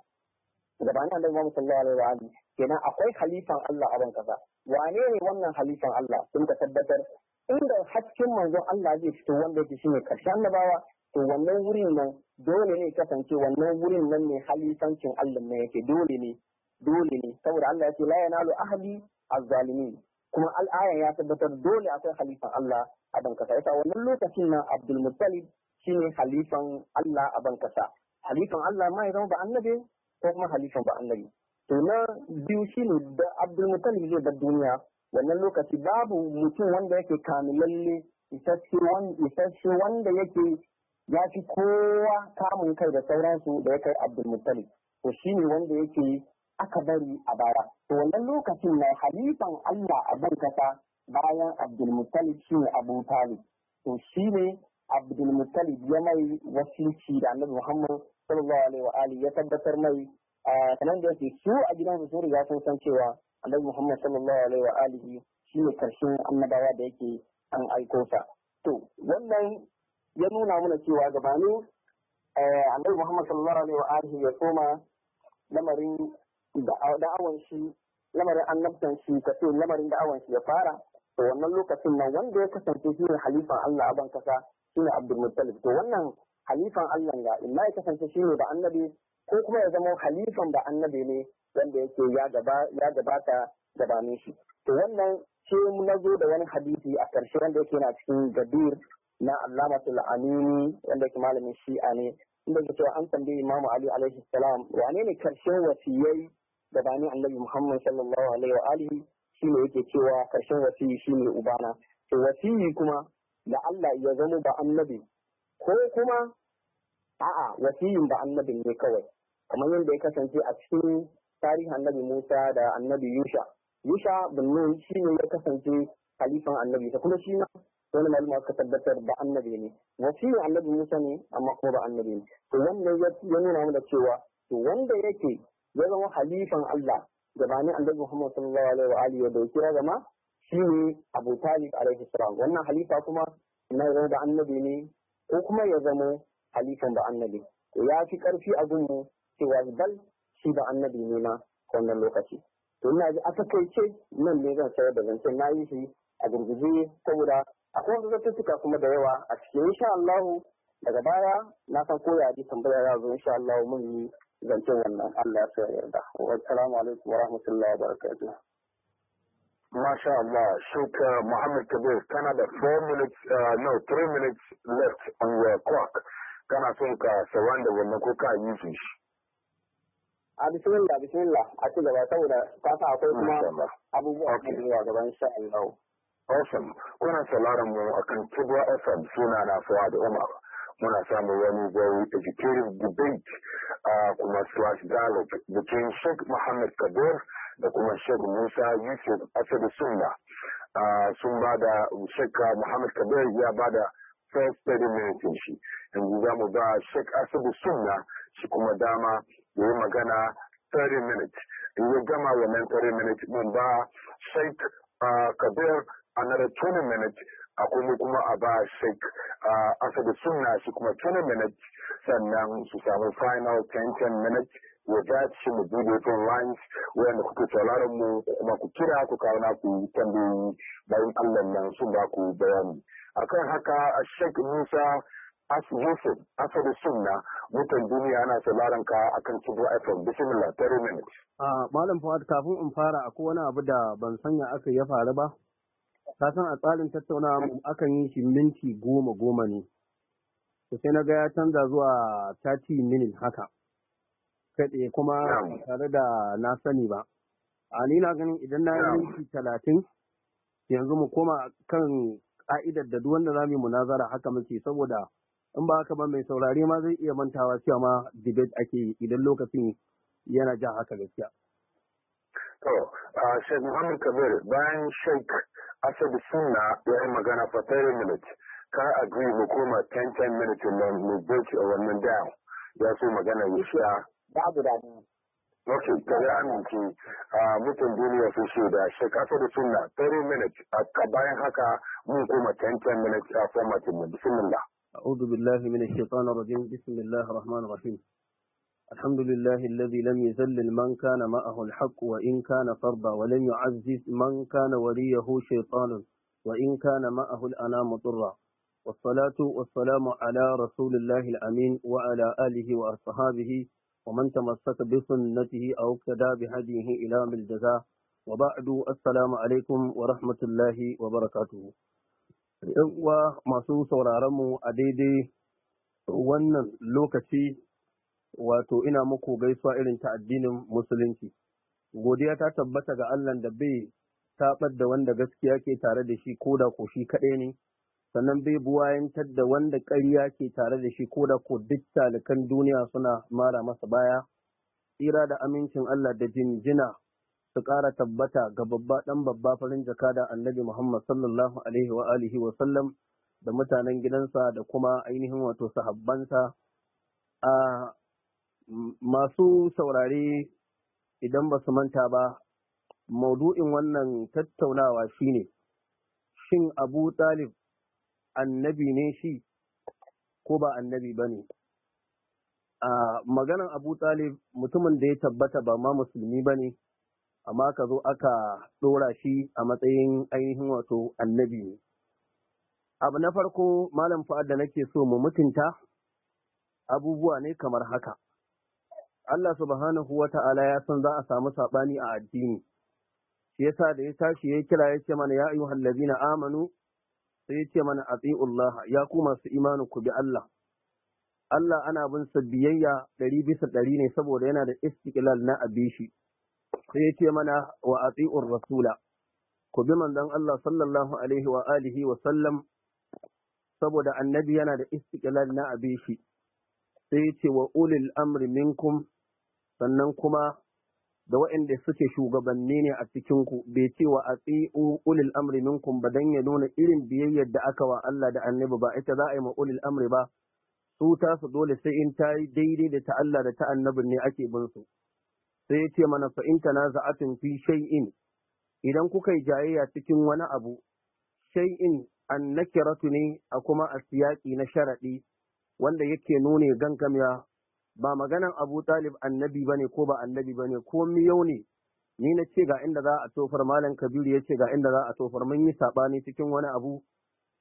gabanin annabi Muhammad sallallahu alaihi wa alihi kenan akwai khalifan Allah a ban kasa wane ne wannan halittar Allah sun ka tabbatar inda hakkin manzon Allah zai fito wanda yake shine karshen annabawa to wannan wurin nan dole ne kasance wannan wurin nan ne halittancin Allah ne yake dole ne dole ne saboda Allah ya ce la yanalu ahli azzalimin kuma al'ayan ya tabbatar dole akwai halifan Allah a bankasa yasa wannan lokacin nan Abdul Muttalib shine halifan Allah a bankasa halifan Allah ma ya zama ba annabi ko kuma halifan ba annabi to na biyu ne da abdulmutalib zai da duniya wannan lokaci babu mutum wanda yake kamilalle isasshe wanda yake ya fi kowa kamun kai da sauransu da ya kai abdulmutalib to ne wanda yake aka bari a baya to wannan lokacin na halifan allah a ban kasa bayan abdulmutalib shine abu talib to ne abdulmutalib ya mai wasilci da annabi muhammad sallallahu alaihi wa ya tabbatar mai Eh, Kanan da yake su a gidan su ya sun san cewa annabi Muhammad sallallahu alaihi wa alihi shine karshen annabawa da yake an aiko sa to wannan ya nuna mana cewa gabanin eh, annabi Muhammad sallallahu alaihi wa alihi ya soma lamarin da'awan shi lamarin annabtan shi ka ce lamarin da'awan shi ya fara to wannan lokacin nan wanda ya kasance shi ne halifan Allah a ban kasa ne Abdul Muttalib to wannan halifan Allah ga imma ya kasance shi ne da annabi ko kuma ya zama halifan da annabi ne wanda yake ya gabata gabanin shi to wannan ce na zo da wani hadisi a ƙarshe wanda yake na cikin gadir na allamatul amini wanda yake malamin shi'a ne inda ke cewa an tambayi imamu ali alaihi salam wane ne karshen wasiyai gabanin annabi muhammad sallallahu alaihi wa alihi shi ne yake cewa karshen wasiyi shi ne ubana to wasiyi kuma da allah ya zama ba annabi ko kuma a'a wasiyin ba annabin ne kawai kamar yadda ya kasance a cikin tarihin annabi Musa da annabi Yusha. Yusha bin Nun shi ne ya kasance halifan annabi ta kuma shi ma wani malama suka tabbatar ba annabi ne ne annabi Musa ne amma kuma ba annabi ne to wannan ya nuna mana cewa to wanda yake ya zama halifan Allah gabanin annabi Muhammad sallallahu alaihi wa alihi da kira gama ne Abu Talib alaihi salam wannan halifa kuma na zama da annabi ne ko kuma ya zama halifan da annabi ya fi karfi a gunmu cewa bal shi da annabi ne ma wannan lokaci to ina ji a takaice nan ne zan sayar da zancen na yi shi a gurguje saboda akwai zan zattutuka kuma da yawa a cikin insha Allah daga baya na san koya ji tambaya ya zo insha Allah mun yi zancen wannan Allah ya yarda wa salamu alaikum wa rahmatullahi wa barakatuh Masha Allah, Sheikh uh, Muhammad Kabir, kana da 4 minutes, uh, no, 3 minutes left on your clock. Kana son ka sawan da wannan ko ka yi shi. a bismillah bismillah a ci gaba saboda ka sa akwai kuma abubuwa kan yawa gaban sha Allah awesome kuna sauraron mu akan Tibwa FM suna na da Umar muna samun wani very educative debate kuma slash dialogue between Sheikh Muhammad Kabir da kuma Sheikh Musa Yusuf Asadu Sunna sun ba da Sheikh Muhammad Kabir ya ba da first 30 minutes shi yanzu za mu ba Sheikh Asadu Sunna shi kuma dama ya yi magana 30 minutes in ya gama wannan 30 minutes din ba sheik kabir another 20 minutes a kuma kuma a ba sheik asadu sunna shi kuma 20 minutes sannan su samu final 10-10 minutes ya dace mu bude to lines wanda kuke sauraron mu kuma ku kira ku kawo na ku tambayi bayan Allah nan sun ba ku bayani akan haka a Sheikh Musa Association asali Sunna mutan duniya ana sauraron ka akan Kibo FM bismillah tare minutes. a ah, malam Fuad kafin in fara akwai wani abu da ban sanya aka ya faru ba. Ka san a tsarin tattaunawa mu akan yi shi minti goma goma ne. To sai na ga ya canza zuwa 30 minutes haka. Kaɗe kuma tare da na sani ba. A ah, ni na ganin idan na yi minti talatin yanzu mu koma kan ka'idar da duk wanda za mu yi munazara haka muke saboda in ba haka ba mai saurare ma zai iya mantawa cewa ma debate ake yi idan lokacin yana ja haka gaskiya. To, a Sheikh Muhammad Kabir bayan Sheikh Asad Sunna ya yi magana for 30 minutes, ka agree mu koma 10-10 minutes na nan a wannan down. Ya so magana ya shi a. Babu da Ok, ka yi aminci a mutum duniya sun so da Sheikh Asad Sunna 30 minutes, a bayan haka mun koma 10-10 minutes a formatin mu. Bismillah. أعوذ بالله من الشيطان الرجيم بسم الله الرحمن الرحيم الحمد لله الذي لم يذلل من كان معه الحق وإن كان فرضا ولم يعزز من كان وليه شيطان وإن كان معه الأنام ضرا والصلاة والسلام على رسول الله الأمين وعلى آله وأصحابه ومن تمسك بسنته أو كدا بهديه إلى الجزاء وبعد السلام عليكم ورحمة الله وبركاته ‘Yan uwa masu mu a daidai wannan lokaci wato ina muku gaisuwa irin ta addinin musulunci. Godiya ta tabbata ga Allah da bai tabar da wanda gaskiya ke tare da shi ko da ko shi kaɗai ne, sannan bai buwayantar da wanda ƙarya ke tare da shi ko da ko duk talikan duniya suna mara masa baya. Tsira da amincin Allah da jinjina su ƙara tabbata ga babba ɗan babba farin jaka da annabi Muhammad sallallahu alaihi wa alihi wa sallam da mutanen gidansa da kuma ainihin wato sahabbansa a masu saurare idan ba su manta ba maudu'in wannan tattaunawa shine shin abu talib annabi ne shi ko ba annabi ba ne a maganan abu talib mutumin da ya tabbata ba ma musulmi ba ne amma ka zo aka ɗora shi a matsayin ainihin wato annabi ne. Abu na farko malam fa'ad da nake so mu mutunta abubuwa ne kamar haka. Allah subhanahu wa ta'ala ya san za a samu saɓani a addini, shi yasa da ya tashi ya kira ya ce mana ya ayyuhal na amanu sai ya ce mana Allah ya ku masu imanu ku bi Allah. Allah ana bin sa biyayya ɗari bisa ɗari ne saboda yana da istiklal na abishi. sai ya ce mana wa ati'ur rasula ku bi manzon Allah sallallahu alaihi wa alihi wa sallam saboda annabi yana da istiqlal na abin shi sai ya ce wa ulil amri minkum sannan kuma da waɗanda suke shugabanni ne a cikinku bai ce wa a ulil amri minkum ba dan ya nuna irin biyayyar da aka wa Allah da annabi ba ita za a yi ma ulil amri ba su su dole sai in ta yi daidai da ta Allah da ta annabin ne ake bin su sai ya ce mana fa in tun fi shay'in idan kuka yi jayayya cikin wani abu shay'in an nakiratu ne a kuma a siyaƙi na sharaɗi wanda yake nune gangamya ba maganan abu talib annabi ba ne, ko ba annabi ba ne? ko miyau ne ni na ce ga inda za a tofar malam kabiru ya ce ga inda za a tofar mun yi saɓani cikin wani abu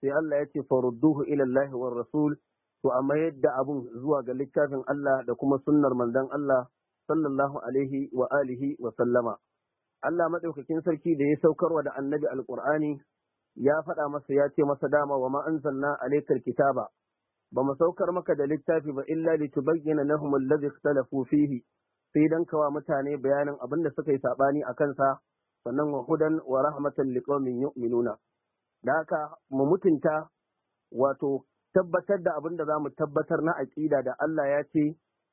sai Allah ya ce farudduhu ila wa war rasul to amma yadda abun zuwa ga littafin Allah da kuma sunnar manzon Allah sallallahu alaihi wa alihi wa sallama Allah Maɗaukakin sarki da ya saukarwa da annabi alqur'ani ya faɗa masa ya ce masa dama wa ma anzalna alaikal kitaba ba mu saukar maka da littafi ba illa litubayyana lahum alladhi ikhtalafu fihi sai dan kawa mutane bayanin abin da suka yi sabani a kansa sannan wa hudan wa rahmatan liqaumin yu'minuna da haka mu mutunta wato tabbatar da abin da za mu tabbatar na aƙida da Allah ya ce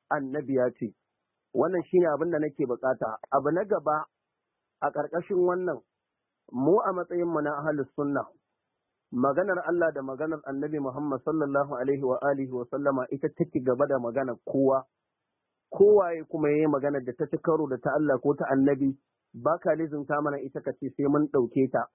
annabi ya ce wannan shine abin da nake bukata abu na gaba a ƙarƙashin wannan mu a matsayin mu na ahlus sunna maganar Allah da maganar Annabi Muhammad sallallahu alaihi wa alihi wa sallama ita take gaba da maganar kowa Kowa kowaye kuma yayi maganar da ta ci karo da ta Allah ko ta Annabi baka lizinta mana ita ka sai mun ɗauke ta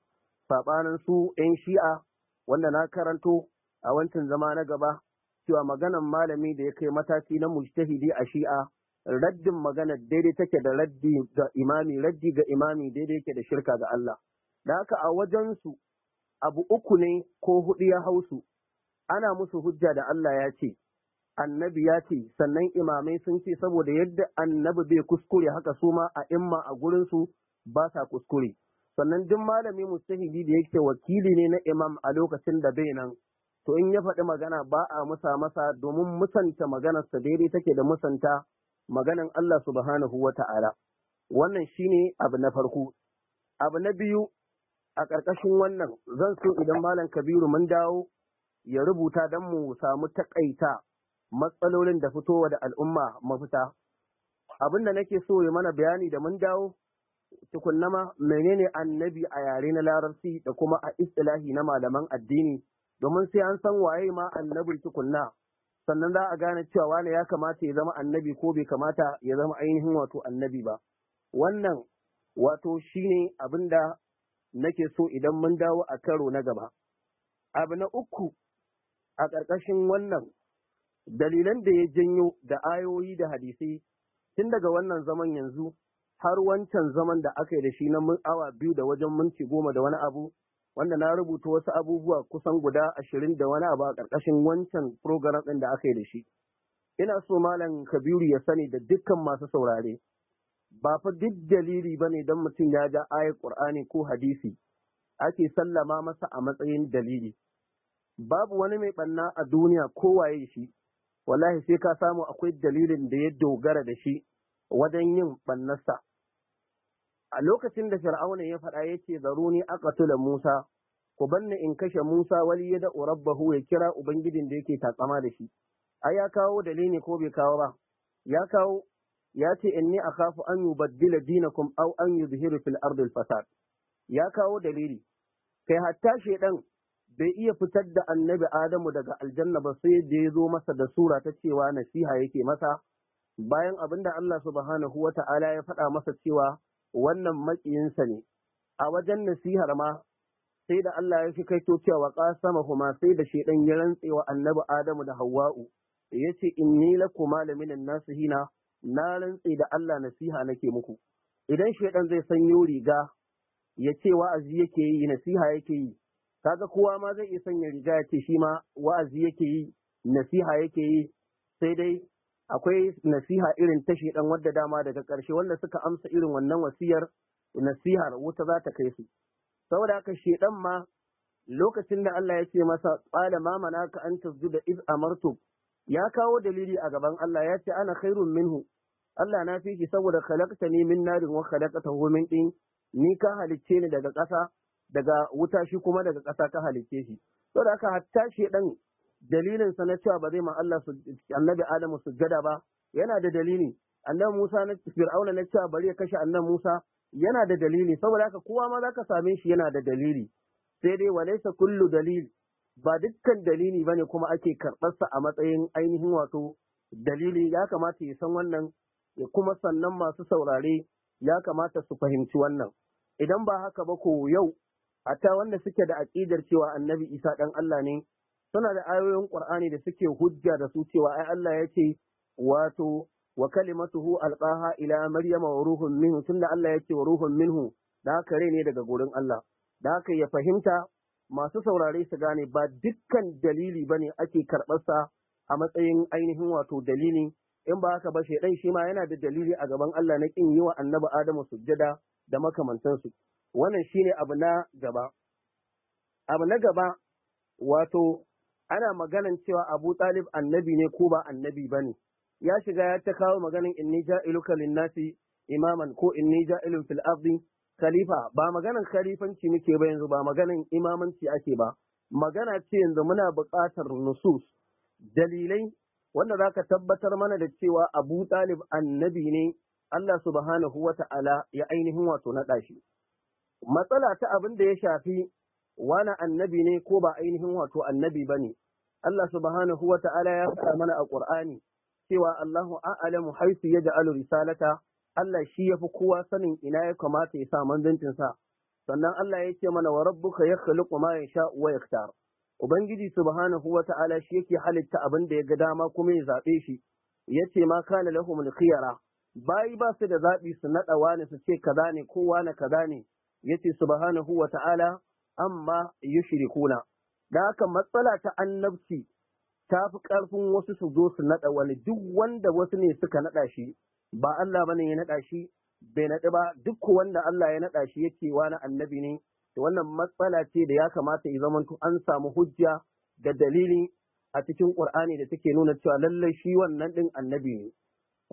saɓanin su 'yan shi'a wanda na karanto a wancan zama na gaba cewa maganar malami da ya kai mataki na mujtahidi a shi'a raddin magana daidai take da raddi ga imami raddi ga imami daidai yake da shirka ga Allah da haka a wajen su abu uku ne ko hudu ya hausu ana musu hujja da Allah ya ce annabi ya ce sannan imamai sun ce saboda yadda annabi bai kuskure haka su ma a imma a gurinsu ba sa kuskure sannan duk malami mustahidi da yake wakili ne na imam a lokacin da bai nan to in ya faɗi magana ba a musa masa domin musanta maganarsa daidai take da musanta maganan Allah subhanahu wa ta'ala. Wannan shi ne abu na farko. Abu na biyu a ƙarƙashin wannan zan so idan Malam Kabiru mun dawo ya rubuta don mu samu taƙaita matsalolin da fitowa da al'umma mafita. Abin da nake so ya mana bayani da mun dawo tukunnama menene annabi a yare na larabci da kuma a istilahi na malaman addini domin sai an san waye ma annabi tukunna sannan za a gane cewa wane ya kamata ya zama annabi ko bai kamata ya zama ainihin wato annabi ba wannan wato shine abin da nake so idan mun dawo a karo na gaba abu na uku a ƙarƙashin wannan dalilan da ya janyo da ayoyi da hadisai tun daga wannan zaman yanzu har wancan zaman da aka yi da shi na awa biyu da wajen minti goma da wani abu wanda na rubuta wasu abubuwa kusan guda ashirin da wani abu a ƙarƙashin wancan program ɗin da aka yi da shi. Ina so Malam Kabiru ya sani da dukkan masu saurare, ba fa duk dalili ba ne don mutum ya ja ayar Ƙur'ani ko hadisi, ake sallama masa a matsayin dalili. Babu wani mai ɓanna a duniya ko waye shi, wallahi sai ka samu akwai dalilin da ya dogara da shi wajen yin ɓannarsa. a lokacin da fir'auna ya faɗa ya yace zaruni aqtula Musa ku banna in kashe Musa wali ya da rabbahu ya kira ubangijin da yake tatsama da shi ai ya kawo dalili ko bai kawo ba ya kawo ya ce inni akhafu an yubaddila dinakum aw an yuzhiru fil ardi al fasad ya kawo dalili kai hatta shedan bai iya fitar da annabi Adamu daga aljanna ba sai da ya zo masa da sura ta cewa nasiha yake masa bayan abinda da Allah subhanahu wa ta'ala ya faɗa masa cewa wannan maƙiyinsa ne a wajen nasihar ma sai da Allah ya fi to cewa kasama kuma sai da shedan ya rantsewa annabi Adamu da Hawwa'u yace inni lakuma laminan nasihina na rantse da Allah nasiha nake muku idan shedan zai sanyo riga ya ce wa'azi yake yi nasiha yake yi kaga kowa ma zai iya sanya riga ya ce shi ma wa'azi yake yi nasiha yake yi sai dai akwai nasiha irin ta shedan wadda dama daga ƙarshe wanda suka amsa irin wannan wasiyar nasihar wuta za ta kai su saboda haka shedan ma lokacin da Allah ya ce masa qala ma manaka an tasjuda iz amartu ya kawo dalili a gaban Allah ya ce ana khairun minhu Allah na fi shi saboda khalaqtani min narin wa khalaqtahu min din ni ka halicce ni daga ƙasa daga wuta shi kuma daga ƙasa ka halicce shi saboda haka hatta shedan dalilin sa na cewa ba zai ma Allah annabi Adamu sujjada ba yana da dalili annabi Musa na Fir'auna na cewa bari ya kashe annabi Musa yana da dalili saboda haka kowa ma zaka same shi yana da dalili sai dai walaysa kullu dalil ba dukkan dalili bane kuma ake karɓar sa a matsayin ainihin wato dalili ya kamata ya san wannan ya kuma sannan masu saurare ya kamata su fahimci wannan idan ba haka ba ko yau a ta wanda suke da aƙidar cewa annabi Isa ɗan Allah ne suna da ayoyin Qur'ani da suke hujja da su cewa ai Allah ya ce wato wa kalimatuhu alqaha ila maryama wa ruhun minhu tunda Allah ya wa ruhun minhu da haka rai ne daga gurin Allah da haka ya fahimta masu saurare su gane ba dukkan dalili bane ake karɓarsa a matsayin ainihin wato dalili in ba haka ba shaidan shi ma yana da dalili a gaban Allah na kin yi wa annabi Adamu sujjada da makamantansu wannan shine abu na gaba abu na gaba wato ana maganan cewa Abu Talib annabi ne ko ba annabi ba ne. Ya shiga ya ta kawo maganan inni ja'iluka nasi imaman ko inni ja'ilun fil ardi khalifa ba maganan khalifanci muke ba yanzu ba maganan imamanci ake ba magana ce yanzu muna buƙatar nusus dalilai wanda zaka tabbatar mana da cewa Abu Talib annabi ne Allah subhanahu wa ta'ala ya ainihin wato na ɗashi. Matsala ta abin da ya shafi wani annabi ne ko ba ainihin wato annabi ba ne. Allah subhanahu wa ta'ala ya faɗa mana a Ƙur'ani cewa Allahu a'lamu haifi ya ja'alu risalata Allah shi ya fi kowa sanin ina ya kamata ya sa manzancin sa. Sannan Allah ya ce mana wa rabbuka ya khaliqu ma yasha wa yaktar. Ubangiji subhanahu wa ta'ala shi yake halitta abin da ya ga dama kuma ya zaɓe shi. Ya ce ma kana lahumul khiyara. Bayi ba su da zaɓi su naɗa wani su ce kaza ne ko wani kaza ne. Ya ce subhanahu wa ta'ala amma yushrikuna da haka matsala ta annabci ta fi ƙarfin wasu su zo su naɗa wani duk wanda wasu ne suka naɗa shi ba Allah bane ya naɗa shi bai naɗi ba duk wanda Allah ya naɗa shi yake wani annabi ne da wannan matsala ce da ya kamata ya zamanto an samu hujja da dalili a cikin Qur'ani da take nuna cewa lallai shi wannan din annabi ne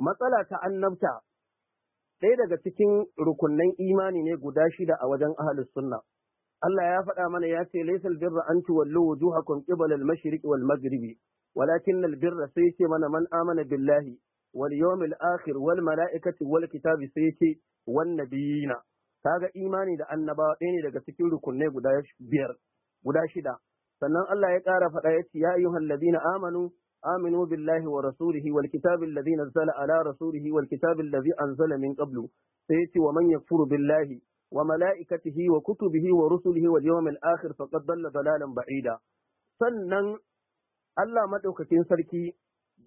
matsala ta annabta ɗaya daga cikin rukunnan imani ne guda shida a wajen ahlus sunna Allah ya faɗa mana ya ce laysal birra an tuwallu wujuhakum qibala al-mashriq wal maghribi walakin al-birra sai ce mana man amana billahi wal yawmil akhir wal mala'ikati wal kitabi sai ce wan nabiyina kaga imani da annabawa ɗaya ne daga cikin rukunai guda biyar guda shida sannan Allah ya ƙara faɗa ya ce ya ayyuhal ladina amanu آمنوا بالله ورسوله Ala الذي نزل على رسوله والكتاب الذي أنزل sai yace wa man يكفر billahi wa mala'ikatihi wa kutubihi wa rusulihi wal yawmil akhir faqad dalalan ba'ida sannan Allah madaukakin sarki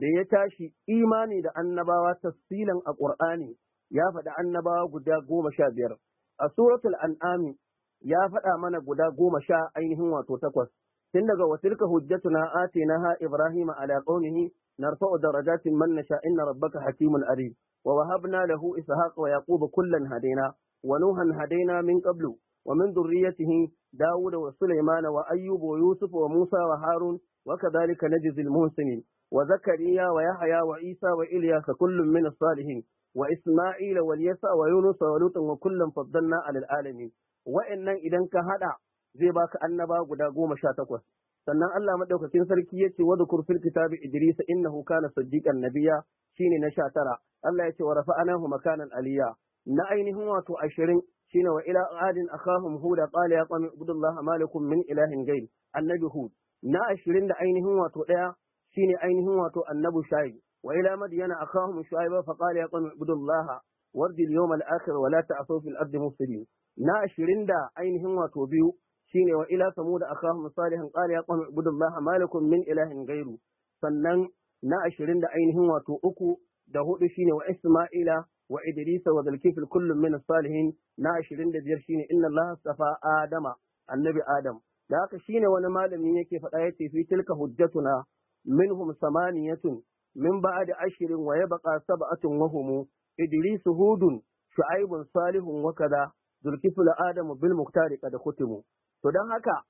da ya tashi imani da annabawa tafsilan a ƙurani ya faɗi annabawa guda goma sha biyar a suratul an'ami ya faɗa mana guda goma sha ainihin wato takwas tun daga watilka hujjatuna ha ibrahima ala qaumihi narfa'u darajatin man nasha inna rabbaka hakimun ari. wa wahabna lahu ishaqa wa yaquba kullan Hadina. ونوحا هدينا من قبل ومن ذريته داود وسليمان وأيوب ويوسف وموسى وهارون وكذلك نجزي المحسنين وزكريا ويحيى وعيسى وإلياس كل من الصالحين وإسماعيل واليسع ويونس ولوطا وكلا فضلنا على العالمين وإن إذا كهذا zai baka annaba guda goma sha takwas sannan Allah madaukakin sarki ya ce wadhkur fil kitabi idrisa innahu kana siddiqan nabiyya shine na sha tara Allah ya ce wa rafa'anahu makanan aliyya na ainihin wato ashirin shine wa ila adin akahum huda qala ya qami ibudullah malikum min ilahin gairi annabi hud na ashirin da ainihin wato ɗaya shine ainihin wato annabi shaib wa ila madyana akahum shuaiba fa qala ya qami ibudullah wardi al-yawm al-akhir wa la ta'thaw fil ardi mufsidin na ashirin da ainihin wato biyu shine wa ila samud akahum salihan qala ya qami ibudullah malikum min ilahin gairu sannan na ashirin da ainihin wato uku da hudu shine wa isma'ila wa Idris wa Zulkifl kullum min salihin na 25 shine inna Allah safa Adama annabi Adam da haka shine wani malami yake faɗa yace fi tilka hujjatuna minhum samaniyatun min ba'd ashirin wa yabqa sab'atun wa hum Idris Hudun Shu'aibun Salihun wa kaza Zulkifl Adamu bil Muqtari kad khutimu to dan haka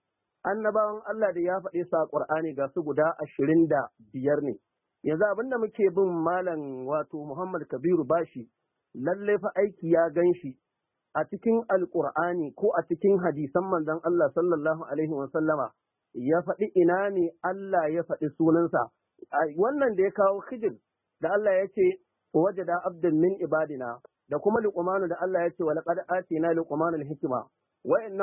annabawan Allah da ya faɗi sa Qur'ani ga su guda ashirin da biyar ne yanzu abin da muke bin malam wato Muhammad Kabiru Bashi lallai fa aiki ya gan shi a cikin alƙur'ani ko a cikin hadisan manzon Allah sallallahu alaihi wa sallama ya faɗi ina ne Allah ya faɗi sunansa wannan da ya kawo hijir da Allah ya ce wajada abdan min ibadina da kuma luqmanu da Allah ya ce wa laqad atina luqmana al-hikma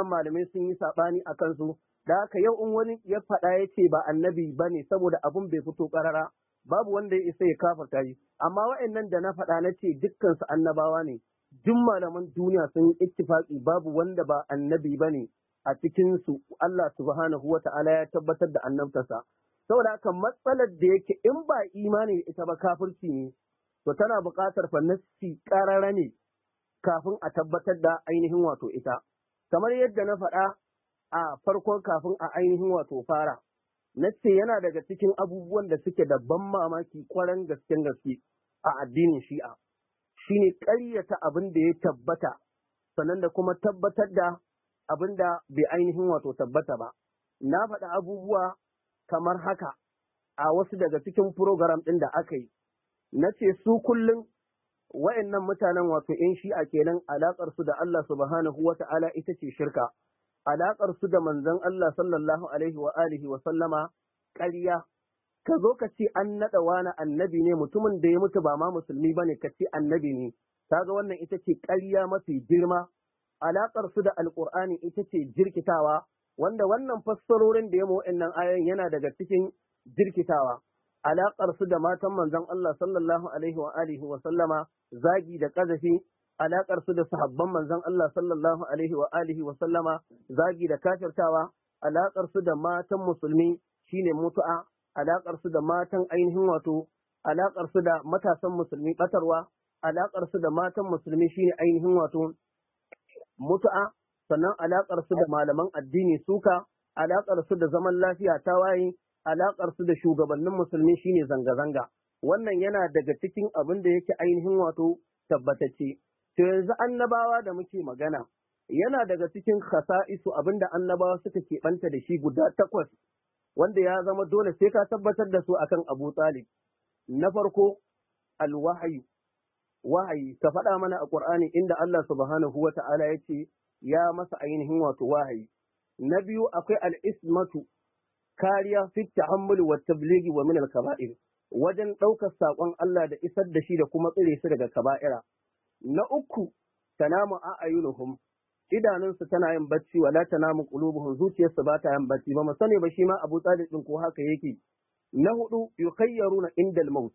malamai sun yi sabani akan su da haka yau in wani ya faɗa ya ce ba annabi bane saboda abun bai fito ƙarara. babu wanda ya isa ya kafarta shi amma wa'annan da na faɗa na ce dukkan su annabawa ne duk malaman duniya sun yi ittifaqi babu wanda ba annabi bane a cikin su Allah subhanahu wata'ala ya tabbatar da annabtarsa saboda haka matsalar da yake in ba imani ita ba kafirci ne to tana buƙatar fa ƙarara ne kafin a tabbatar da ainihin wato ita kamar yadda na faɗa a farkon kafin a ainihin wato fara na ce yana daga cikin abubuwan da suke da ban mamaki kwaran gasken gaske a addinin shi'a shine ƙaryata abin da ya tabbata sannan da kuma tabbatar da abin da bai ainihin wato tabbata ba na faɗa abubuwa kamar haka a wasu daga cikin program ɗin da aka yi na ce su kullum wa'annan mutanen wato 'yan shi'a kenan alaƙarsu da Allah subhanahu wa ta'ala ita ce shirka alaƙar su da manzon Allah sallallahu alaihi wa alihi wa sallama ƙarya ka zo ka ce an naɗa wani annabi ne mutumin da ya mutu ba ma musulmi bane ka ce annabi ne Ta ga wannan ita ce ƙarya mafi girma alaƙar su da alƙur'ani ita ce jirkitawa wanda wannan fassarorin da ya wa'annan ayoyin yana daga cikin jirkitawa alaƙar su da matan manzon Allah sallallahu alaihi wa alihi wa sallama zagi da ƙazafi alakar su da sahabban manzon Allah sallallahu alaihi wa alihi wa sallama zagi da kafirtawa alakar su da matan musulmi shine mutu'a alakar su da matan ainihin wato alakar su da matasan musulmi batarwa alakar su da matan musulmi shine ainihin wato mutu'a sannan alakar su da malaman addini suka alakar su da zaman lafiya ta waye alakar su da shugabannin musulmi shine zanga-zanga wannan yana daga cikin abin da yake ainihin wato tabbatacce To yanzu annabawa da muke magana, yana daga cikin khasa'isu abinda annabawa suka keɓanta da shi guda takwas, wanda ya zama dole sai ka tabbatar da su akan Abu Talib. Na farko, alwahayu, wahayi, ka faɗa mana a Ƙur'ani inda Allah subhanahu wa ta'ala ya ce, ya masa ainihin wato wahayi. Na biyu akwai al'ismatu, kariya fit ta'ammuli wa tabligi wa min al-kaba'ir wajen ɗaukar saƙon Allah da isar da shi da kuma tsire su daga kaba'ira. na uku tanamu a'ayunuhum idanunsu tana yin bacci wala tanamu qulubuhum zuciyarsu ba ta yin bacci ba mu sani ba shi ma Abu Talib din ko haka yake na hudu Yukayyaruna indal maut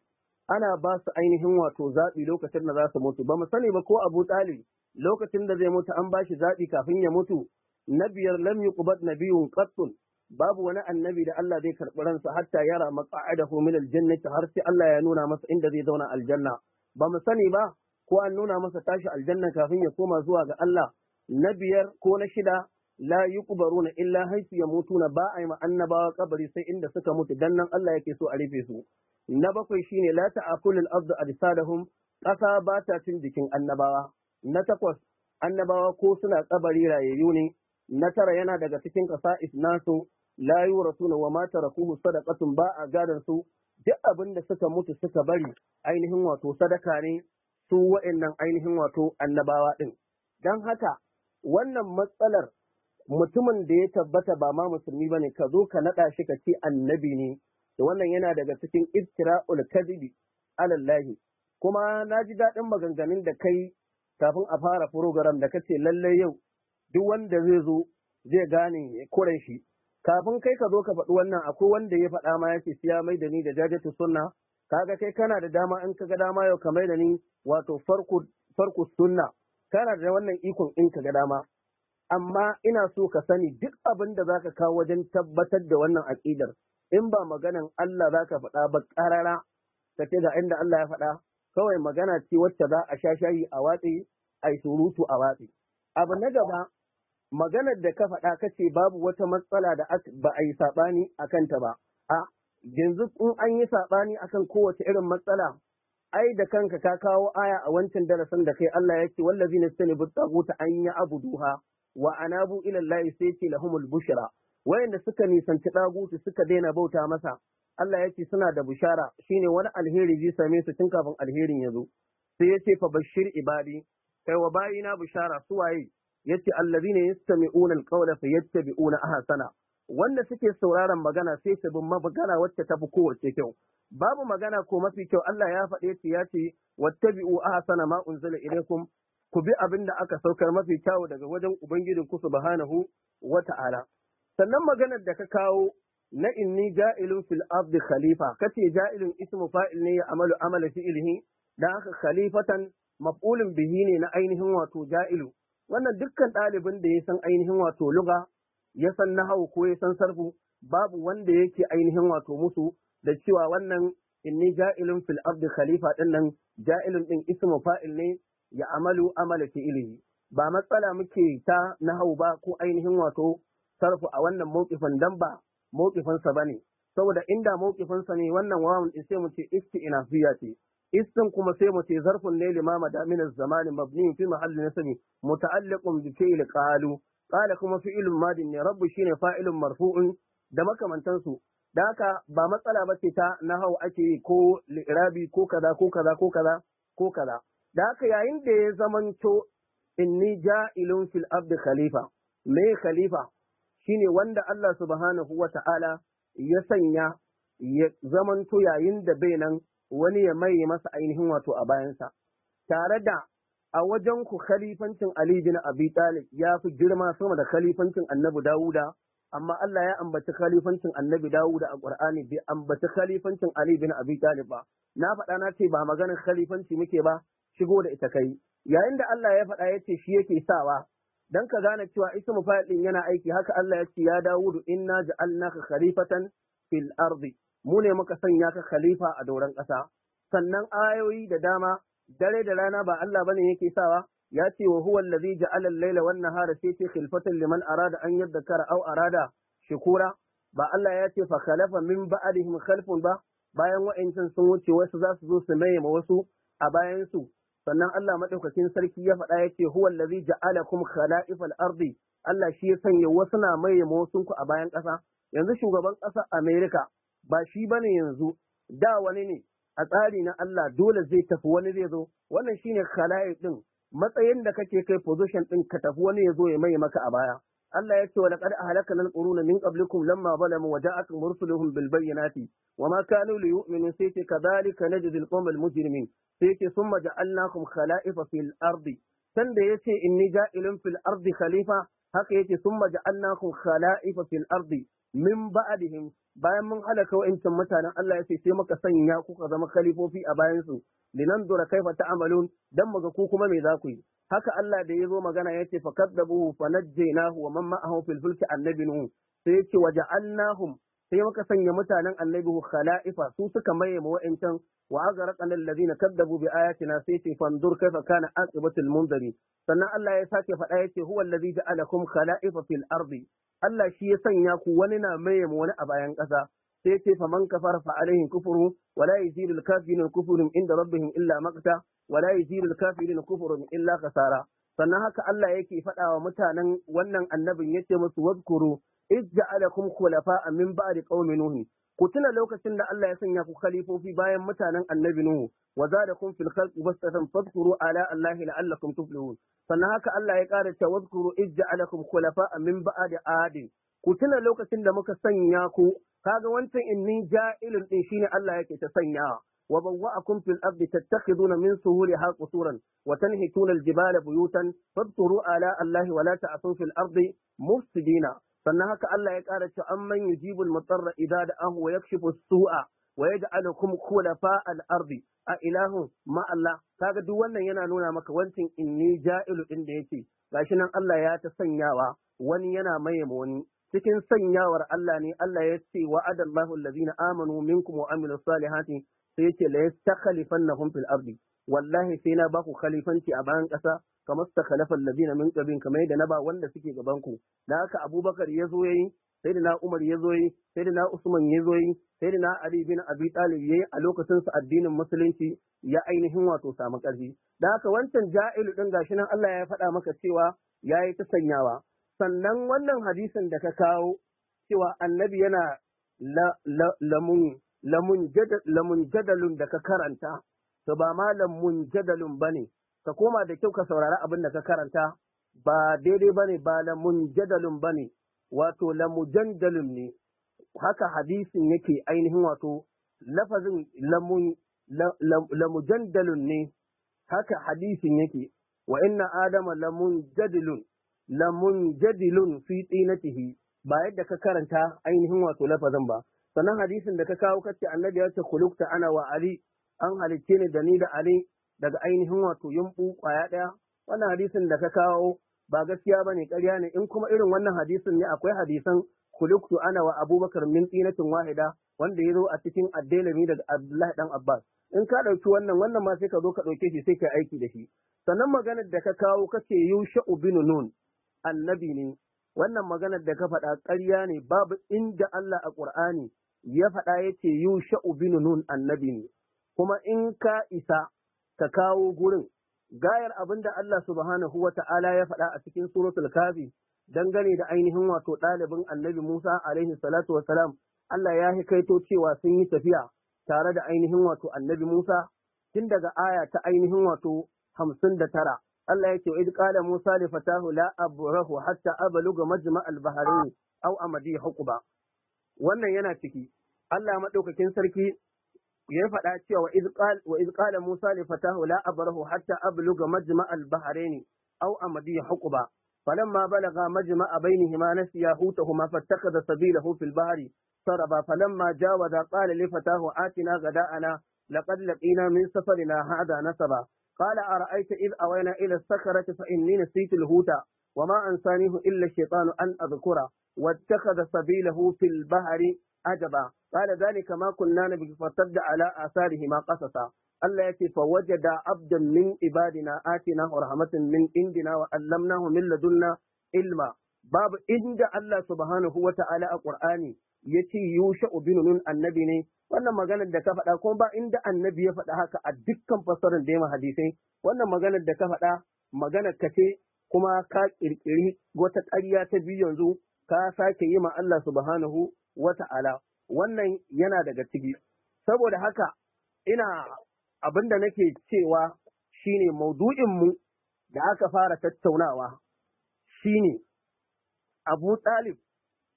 ana ba su ainihin wato zaɓi lokacin da za su mutu ba mu sani ba ko Abu Talib lokacin da zai mutu an ba shi zaɓi kafin ya mutu na biyar lam yuqbad biyun qattun babu wani annabi da Allah zai karɓi ransa hatta yara maqa'adahu min aljannati har sai Allah ya nuna masa inda zai zauna aljanna ba mu sani ba ko an nuna masa tashi aljanna kafin ya koma zuwa ga Allah na biyar ko na shida la na illa haythu yamutuna ba yi ma annabawa kabari sai inda suka mutu dan nan Allah yake so a rufe su na bakwai shine la ta'kulul ardu ajsadahum ƙasa ba ta cin jikin annabawa na takwas annabawa ko suna kabari rayayyu ne na tara yana daga cikin ƙasa isnasu la yurasuna wa ma tarakuhu sadaqatun ba a gadan su duk abin da suka mutu suka bari ainihin wato sadaka ne su wa'annan ainihin wato annabawa ɗin. Don haka wannan matsalar mutumin da ya tabbata ba ma musulmi ba ne ka zo ka naɗa shi ka ce annabi ne, da wannan yana daga cikin iftira'ul kadibi alallahi. Kuma na ji daɗin maganganun da kai kafin a fara program da kace lallai yau duk wanda zai zo zai gane kuren shi. Kafin kai ka zo ka faɗi wannan akwai wanda ya faɗa ma yake siya mai da ni da jajatu sunna kaga kai kana da dama in kaga dama yau kamar da ni wato farko farko sunna kana da wannan ikon in kaga dama amma ina so ka sani duk abin da zaka kawo wajen tabbatar da wannan aqidar in ba maganan Allah zaka faɗa ba ƙarara ka ce ga inda Allah ya faɗa kawai magana ce wacce za a sha shayi a watsi ai surutu a watsi abu na gaba maganar da ka faɗa kace babu wata matsala da ba a yi saɓani a kanta ba a yanzu in an yi saɓani akan kowace irin matsala ai da kanka ka kawo aya a wancan darasin da kai Allah ya ce wallazi na sani buttaguta an yi abu duha wa anabu ila Allah sai ce lahumul bushra wayanda suka nisanci dagutu suka daina bauta masa Allah ya ce suna da bushara shine wani alheri zai same su tun kafin alherin ya zo sai ya ce fa bashir ibadi kai wa bayina bushara su waye yace allazina yastami'una alqawla fayattabi'una ahsana wanda suke sauraron magana sai su bin magana wacce ta fi kowace kyau babu magana ko mafi kyau Allah ya faɗe ce, ya ce biu a sana ma unzila ilaykum ku bi abin da aka saukar mafi kyau daga wajen ubangijin ku subhanahu wa ta'ala sannan maganar da ka kawo na inni ja'ilun fil khalifa kace ja'ilun ismu fa'il ne ya amalu amala fi'lihi dan haka khalifatan maf'ulun bihi ne na ainihin wato ja'ilu wannan dukkan ɗalibin da ya san ainihin wato luga ya san nahawu ko ya san sarfu babu wanda yake ainihin wato musu da cewa wannan inni ja'ilun fil ardi khalifa din nan ja'ilun din ismu fa'il ne ya amalu amala fi'ilihi ba matsala muke ta nahawu ba ko ainihin wato sarfu a wannan mawqifin dan ba mawqifin sa bane saboda inda mawqifin sa ne wannan wawun din sai mu ce isti'nafiya ce istin kuma sai mu ce zarfun ne limama da min az mabni fi mahalli sani. muta'alliqun bi fi'il qalu qala kuma fi'ilun madin ne rabbu shine fa'ilun marfu'un da makamantansu da haka ba matsala ba ce ta nahau ake yi ko rabi ko kaza ko kaza ko kaza ko kaza da haka yayin da ya zamanto inni ja'ilun fil abdi khalifa me khalifa shine wanda Allah subhanahu wa ta'ala ya sanya ya zamanto yayin da bai nan wani ya mai masa ainihin wato a bayansa tare da a wajen ku khalifancin Ali bin Abi Talib ya fi girma sama da khalifancin Annabi Dawuda amma Allah ya ambaci khalifancin Annabi Dawuda a Qur'ani bai ambaci khalifancin Ali bin Abi Talib ba na faɗa na ce ba maganar khalifanci muke ba shigo da ita kai yayin da Allah ya faɗa yace shi yake sawa dan ka gane cewa ismu fa'il din yana aiki haka Allah ya ce ya Dawudu inna ja'alnaka khalifatan fil ardi mu ne muka sanya ka khalifa a doron ƙasa sannan ayoyi da dama dare da rana ba Allah bane yake sawa ya ce wa huwa allazi ja'ala al-laila wan nahara sai ce khilfatan liman arada an yadhakkara aw arada shukura ba Allah ya ce fa khalafa min ba'dihim khalfun ba bayan wa'ancan sun wuce wasu za su zo su maye ma wasu a bayan su sannan Allah madaukakin sarki ya faɗa ya ce huwa allazi ja'alakum khala'ifal ardi Allah shi ya sanya wasu na maye ma wasu ku a bayan ƙasa yanzu shugaban ƙasa Amerika ba shi bane yanzu da wani ne a tsari na Allah dole zai tafi wani zai zo wannan shine khala'i din matsayin da kake kai position din ka tafi wani ya zo ya mai maka a baya Allah ya ce wa laqad ahlakana al-quruna min qablikum lamma zalamu wa ja'atuhum rusuluhum bil bayyinati wa ma kanu li yu'minu sai ce kadhalika najzi al-qawm al-mujrimin sai ce summa ja'alnakum khala'ifa fil ardi sanda yace inni ja'ilun fil ardi khalifa haka yace summa ja'alnakum khala'ifa fil ardi min ba'dihim bayan mun halaka wa'incan mutanen Allah ya ce sai muka sanya kuka zama khalifofi a bayansu linanzura kaifa amalin, dan muga ku kuma me za ku yi haka Allah da ya zo magana ya ce fakadzabuhu fanajjaynahu wa man ma'ahu fil fulki annabi nuh sai ya ce waja'alnahum sai muka sanya mutanen annabi khala'ifa su suka maye ma wa'incan wa aghraqna alladhina kadzabu bi ayatina sai ce fandur kaifa kana aqibatul munzari sannan Allah ya sake faɗa ya ce huwa alladhi ja'alakum khala'ifa fil ardi Allah shi ya sanya ku wani na maye wani a bayan ƙasa sai ce fa man kafara fa alaihi kufru wa la yazidu kafirin kufrun inda rabbihim illa maqta wa la yazidu kafirin kufrun illa kasara sannan haka Allah yake faɗa wa mutanen wannan annabin yace musu wadkuru iz ja'alakum khulafa'a min ba'di qaumi nuh ku tuna lokacin da Allah ya sanya ku khalifofi bayan mutanen annabi nuh wa zadakum fil khalqi bastatan fadhkuru ala allahi la'allakum tuflihun sannan haka Allah ya ƙara cewa wazkuru ij'alakum a min da adin ku tuna lokacin da muka sanya ku kaga wancan inni ja'ilun din shine Allah yake ta sanyawa wa bawwa'akum fil ardi tattakhiduna min suhuliha qusuran wa tanhituna al jibala buyutan fabturu ala Allah wa la ta'thu fil ardi mufsidina sannan haka Allah ya ƙara cewa amman yujibul mutarra idza da'ahu wa yakshifu as-su'a wa yaj'alukum khulafa al ardi a ilahun ma Allah kaga duk wannan yana nuna maka wancin inni ja'ilu din da yake gashi nan Allah ya ta sanyawa wani yana maye wani cikin sanyawar Allah ne Allah ya ce wa'adallahu allazina amanu minkum wa amilus salihati sai yake la yastakhlifannahum fil ardi wallahi sai na baku khalifanci a bayan ƙasa kamar ta khalafa allazina min kamar yadda na ba wanda suke gaban ku da haka Abubakar ya zo yayi sai na Umar ya zo yi, sai na Usman ya zo yi, sai na Ali bin Abi Talib ya yi a lokacin sa addinin musulunci ya ainihin wato samu ƙarfi. Da haka wancan ja'ilu ɗin gashi nan Allah ya faɗa maka cewa ya yi ta sanyawa. Sannan wannan hadisin da ka kawo cewa annabi yana lamun lamun jadalun da ka karanta, to ba ma lamun jadalun ba ne, ka koma da kyau ka saurari abin da ka karanta, ba daidai ba ne, ba lamun jadalun ba ne, wato lamujandalun ne haka hadisin yake ainihin wato lafazin lamujandalun ne haka hadisin yake wa inna adama lamunjadilun lamunjadilun fi tinatihi ba yadda ka karanta ainihin wato lafazin ba sannan hadisin da ka kawo kace annabi ya ce khulukta ana wa ali an halicce ni da ni da ali daga ainihin wato yumbu kwaya daya wannan hadisin da ka kawo ba gaskiya ba ne ƙarya ne in kuma irin wannan hadisin ne akwai hadisan kuliktu ana wa abubakar min tsinatin wahida wanda ya zo a cikin addalami daga abdullahi dan abbas in ka ɗauki wannan wannan ma sai ka zo ka ɗauke shi sai ka aiki da shi sannan maganar da ka kawo kake yusha'u bin nun annabi ne wannan maganar da ka faɗa ƙarya ne babu inda Allah a Ƙur'ani ya faɗa yake ce yusha'u bin nun annabi ne kuma in ka isa ka kawo gurin gayar abin da Allah subhanahu wa ta'ala ya faɗa a cikin suratul kafi dangane da ainihin wato ɗalibin annabi Musa alaihi salatu wasalam Allah ya kaito cewa sun yi tafiya tare da ainihin wato annabi Musa tun daga aya ta ainihin wato hamsin da tara Allah ya ce wa qala Musa li fatahu la abrahu hatta abluga majma' al-bahrain aw amadi huquba wannan yana ciki Allah madaukakin sarki ya faɗa cewa wa iz qala Musa li fatahu la abrahu hatta abluga majma al-bahrain aw فلما بلغ مجمع بينهما نسيا حوتهما فاتخذ سبيله في البحر سربا فلما جاوز قال لفتاه آتنا غداءنا لقد لقينا من سفرنا هذا نسبا قال أرأيت إذ أوينا إلى السخرة فإني نسيت الهوتا وما أنسانيه إلا الشيطان أن أذكره واتخذ سبيله في البحر أجبا qala zalika na kunna nabi da ala a asarihi ma qasasa Allah ya ce fa wajada abdan min ibadina atina rahmatan min indina wa allamnahu min ladunna ilma babu inda Allah subhanahu wa Ala a ƙur'ani ya ci bin Nun annabi ne wannan maganar da ka faɗa kuma ba inda annabi ya faɗa haka a dukkan fassarar da ya hadisai wannan maganar da ka faɗa maganar ka ce kuma ka ƙirƙiri wata ƙarya ta biyu yanzu ka sake yi ma Allah subhanahu wa Ala. wannan yana daga ciki saboda haka ina abin da nake cewa shine maudu'inmu da aka fara tattaunawa shine abu talib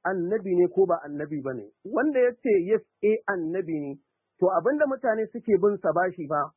annabi ne ko ba annabi ba ne wanda ya ce yes e annabi ne to abin da mutane suke bin sa bashi ba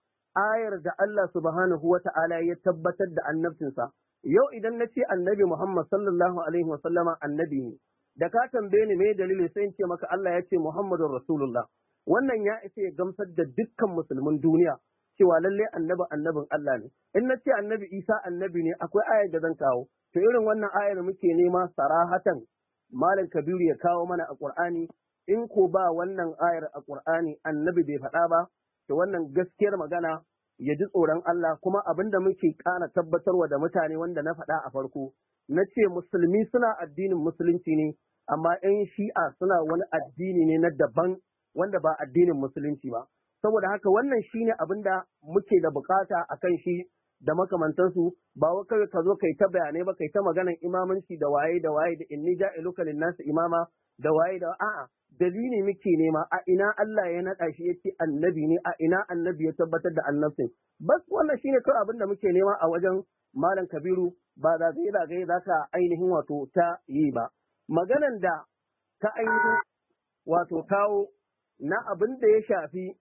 ayar da Allah subhanahu wa ta'ala ya tabbatar da annabcinsa yau idan na ce annabi Muhammad sallallahu alaihi wasallama annabi ne da ka tambaye ni me dalili sai in ce maka Allah ya ce Muhammadur Rasulullah wannan ya isa ya gamsar da dukkan musulmin duniya cewa lalle annabi annabin Allah ne in na ce annabi Isa annabi ne akwai ayar da zan kawo to irin wannan ayar muke nema sarahatan malam Kabiru ya kawo mana a Qur'ani in ko ba wannan ayar a Qur'ani annabi bai faɗa ba to wannan gaskiyar magana ya ji tsoron Allah kuma abin da muke kana tabbatarwa da mutane wanda na faɗa a farko na ce musulmi suna addinin musulunci ne amma 'yan shi'a suna wani addini ne na daban wanda ba addinin musulunci ba saboda haka wannan shi ne abin da muke da bukata akan shi da makamantansu ba wa kawai ka zo kai ta bayanai ba kai ta maganan imamanci da waye da waye da inni lokalin nasu imama da waye da a'a dalili muke nema a ina Allah ya naɗa shi yake annabi ne a ina annabi ya tabbatar da annabi bas wannan shine kawai abin da muke nema a wajen malam Kabiru ba za zagaye za ka ainihin wato ta yi ba maganan da ta ainihin wato kawo na abin da ya shafi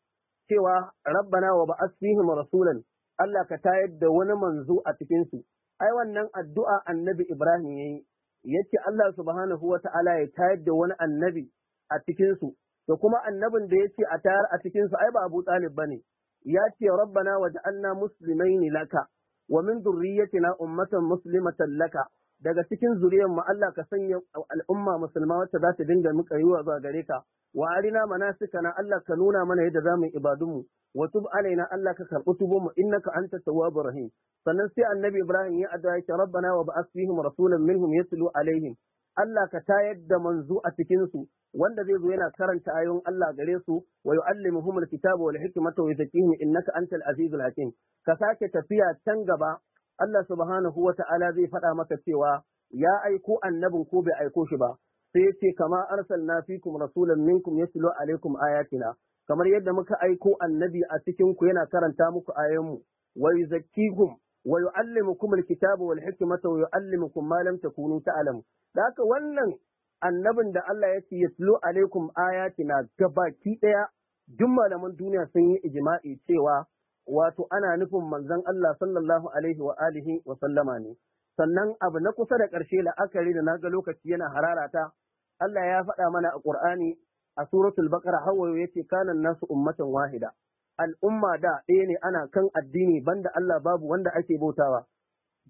cewa rabbana wa ba'as rasulan Allah ka tayar da wani manzo a cikinsu. su ai wannan addu'a annabi Ibrahim yayi yace Allah subhanahu wata'ala ya tayar da wani annabi a cikin su da kuma annabin da yace a tayar a cikinsu, ai ba Abu Talib bane yace rabbana waj'alna muslimaini laka wa min dhurriyyatina ummatan muslimatan laka daga cikin zuriyar mu Allah ka sanya al'umma musulma wacce za ta dinga muka yiwa zuwa gare ka wa arina na Allah ka nuna mana yadda za mu yi ibadunmu wa tub alaina Allah ka karɓi tubo mu innaka anta tawwabur rahim sannan sai annabi Ibrahim ya addu'a ya rabbana wa ba'ath fihim rasulan minhum yatlu alaihim Allah ka tayar da manzo a cikin su wanda zai zo yana karanta ayoyin Allah gare su wa yu'allimuhum alkitaba wal hikmata wa yuzakkihim innaka antal azizul hakim ka sake tafiya can gaba Allah subhanahu wa ta'ala zai faɗa maka cewa ya aiko annabin ko bai aiko shi ba sai ya ce kama arsalna fikum rasulan minkum yatlu alaikum ayatina kamar yadda muka aiko annabi a cikin ku yana karanta muku ayoyinmu wa yuzakkihum wa yu'allimukum alkitaba wal hikmata wa yu'allimukum ma lam takunu ta'lamu haka wannan annabin da Allah ya ce yatlu alaikum ayatina gabaki ɗaya duk malaman duniya sun yi ijma'i cewa wato ana nufin manzon Allah sallallahu alaihi wa alihi wa sallama ne sannan abu na kusa da ƙarshe la'akari da naga lokaci yana hararata Allah ya faɗa mana a Qur'ani a suratul baqara hawayo yace kana nasu ummatan wahida al'umma da ɗaya ne ana kan addini banda Allah babu wanda ake bautawa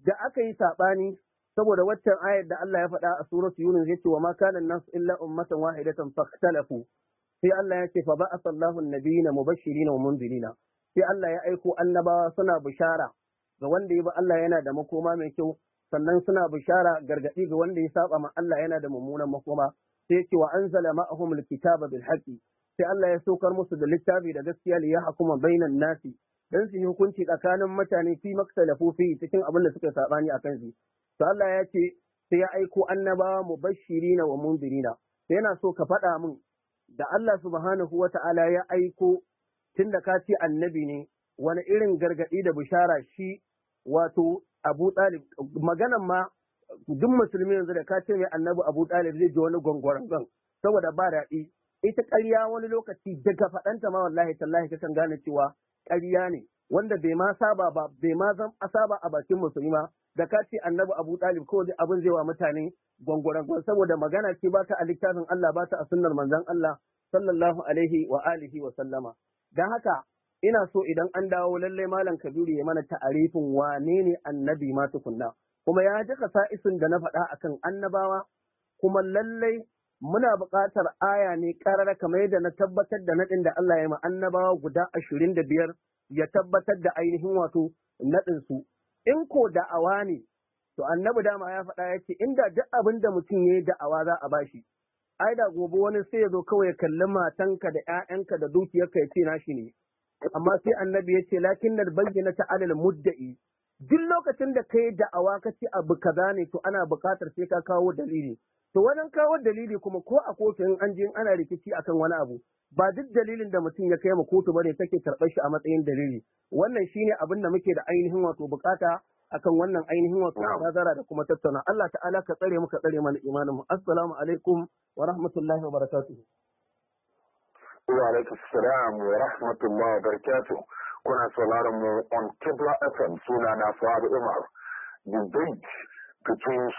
da aka yi saɓani saboda waccan ayar da Allah ya faɗa a suratu Yunus yace wa ma kana nasu illa ummatan wahidatan faktalafu sai Allah ya ce fa ba'atha Allahu an-nabiyina mubashshirina wa munzirina sai Allah ya aiko annabawa suna bishara ga wanda ya bi Allah yana da makoma mai kyau sannan suna bishara gargaɗi ga wanda ya saba ma Allah yana da mummunan makoma sai ce wa anzala ma'ahum alkitaba bil haqqi sai Allah ya saukar musu da littafi da gaskiya li yahkuma bainan nasi dan su yi hukunci tsakanin mutane fi maktalafu fi cikin abin da suka sabani akan shi to Allah ya ce sai ya aiko annabawa mubashirina wa mundirina sai yana so ka faɗa min da Allah subhanahu wata'ala ya aiko tun da ka ce annabi ne wani irin gargaɗi da bishara shi wato abu ɗalib maganan ma duk musulmi yanzu da ka ce mai annabi abu ɗalib zai ji wani gwangwaran gan saboda ba daɗi ita ƙarya wani lokaci daga faɗanta ma wallahi tallahi kakan gane cewa ƙarya ne wanda bai ma saba ba bai ma zan saba a bakin musulmi ma da ka ce annabi abu ɗalib kawai abin zai wa mutane gwangwaran gan saboda magana ce ba ta a littafin Allah ba ta a sunnar manzon Allah sallallahu alaihi wa alihi wa sallama Don haka ina so idan an dawo lallai Malam Kabiru ya mana ta'arifin wane ne annabi ma tukunna. Kuma ya jaka sa'isin da na faɗa akan annabawa, kuma lallai muna buƙatar aya ne ƙarar kamar yadda na tabbatar da naɗin da Allah ya ma annabawa guda ashirin da biyar ya tabbatar da ainihin wato naɗin su In ko da'awa ne, to annabi dama ya faɗa ya ce inda duk abin da mutum ya yi da'awa za a bashi. ai da gobe wani sai ya zo kawai ya kalli matanka da 'ya'yanka da dukiyarka ya ce nashi ne amma sai annabi ya ce lakin nan bayyana ta alal mudda'i duk lokacin da kai da'awa ka ce abu kaza ne to ana buƙatar sai ka kawo dalili to wajen kawo dalili kuma ko a kotu in an je ana rikici akan wani abu ba duk dalilin da mutum ya kai ma kotu ba bane take karɓar shi a matsayin dalili wannan shine abin da muke da ainihin wato bukata akan wannan ainihin wasu nazara da kuma tattauna Allah ta'ala ka tsare mu ka tsare mana imanin mu assalamu alaikum wa rahmatullahi wa barakatuh wa alaikum assalam wa rahmatullahi wa barakatuh kuna sauraron mu on Kibla FM suna na Fuad Umar debate between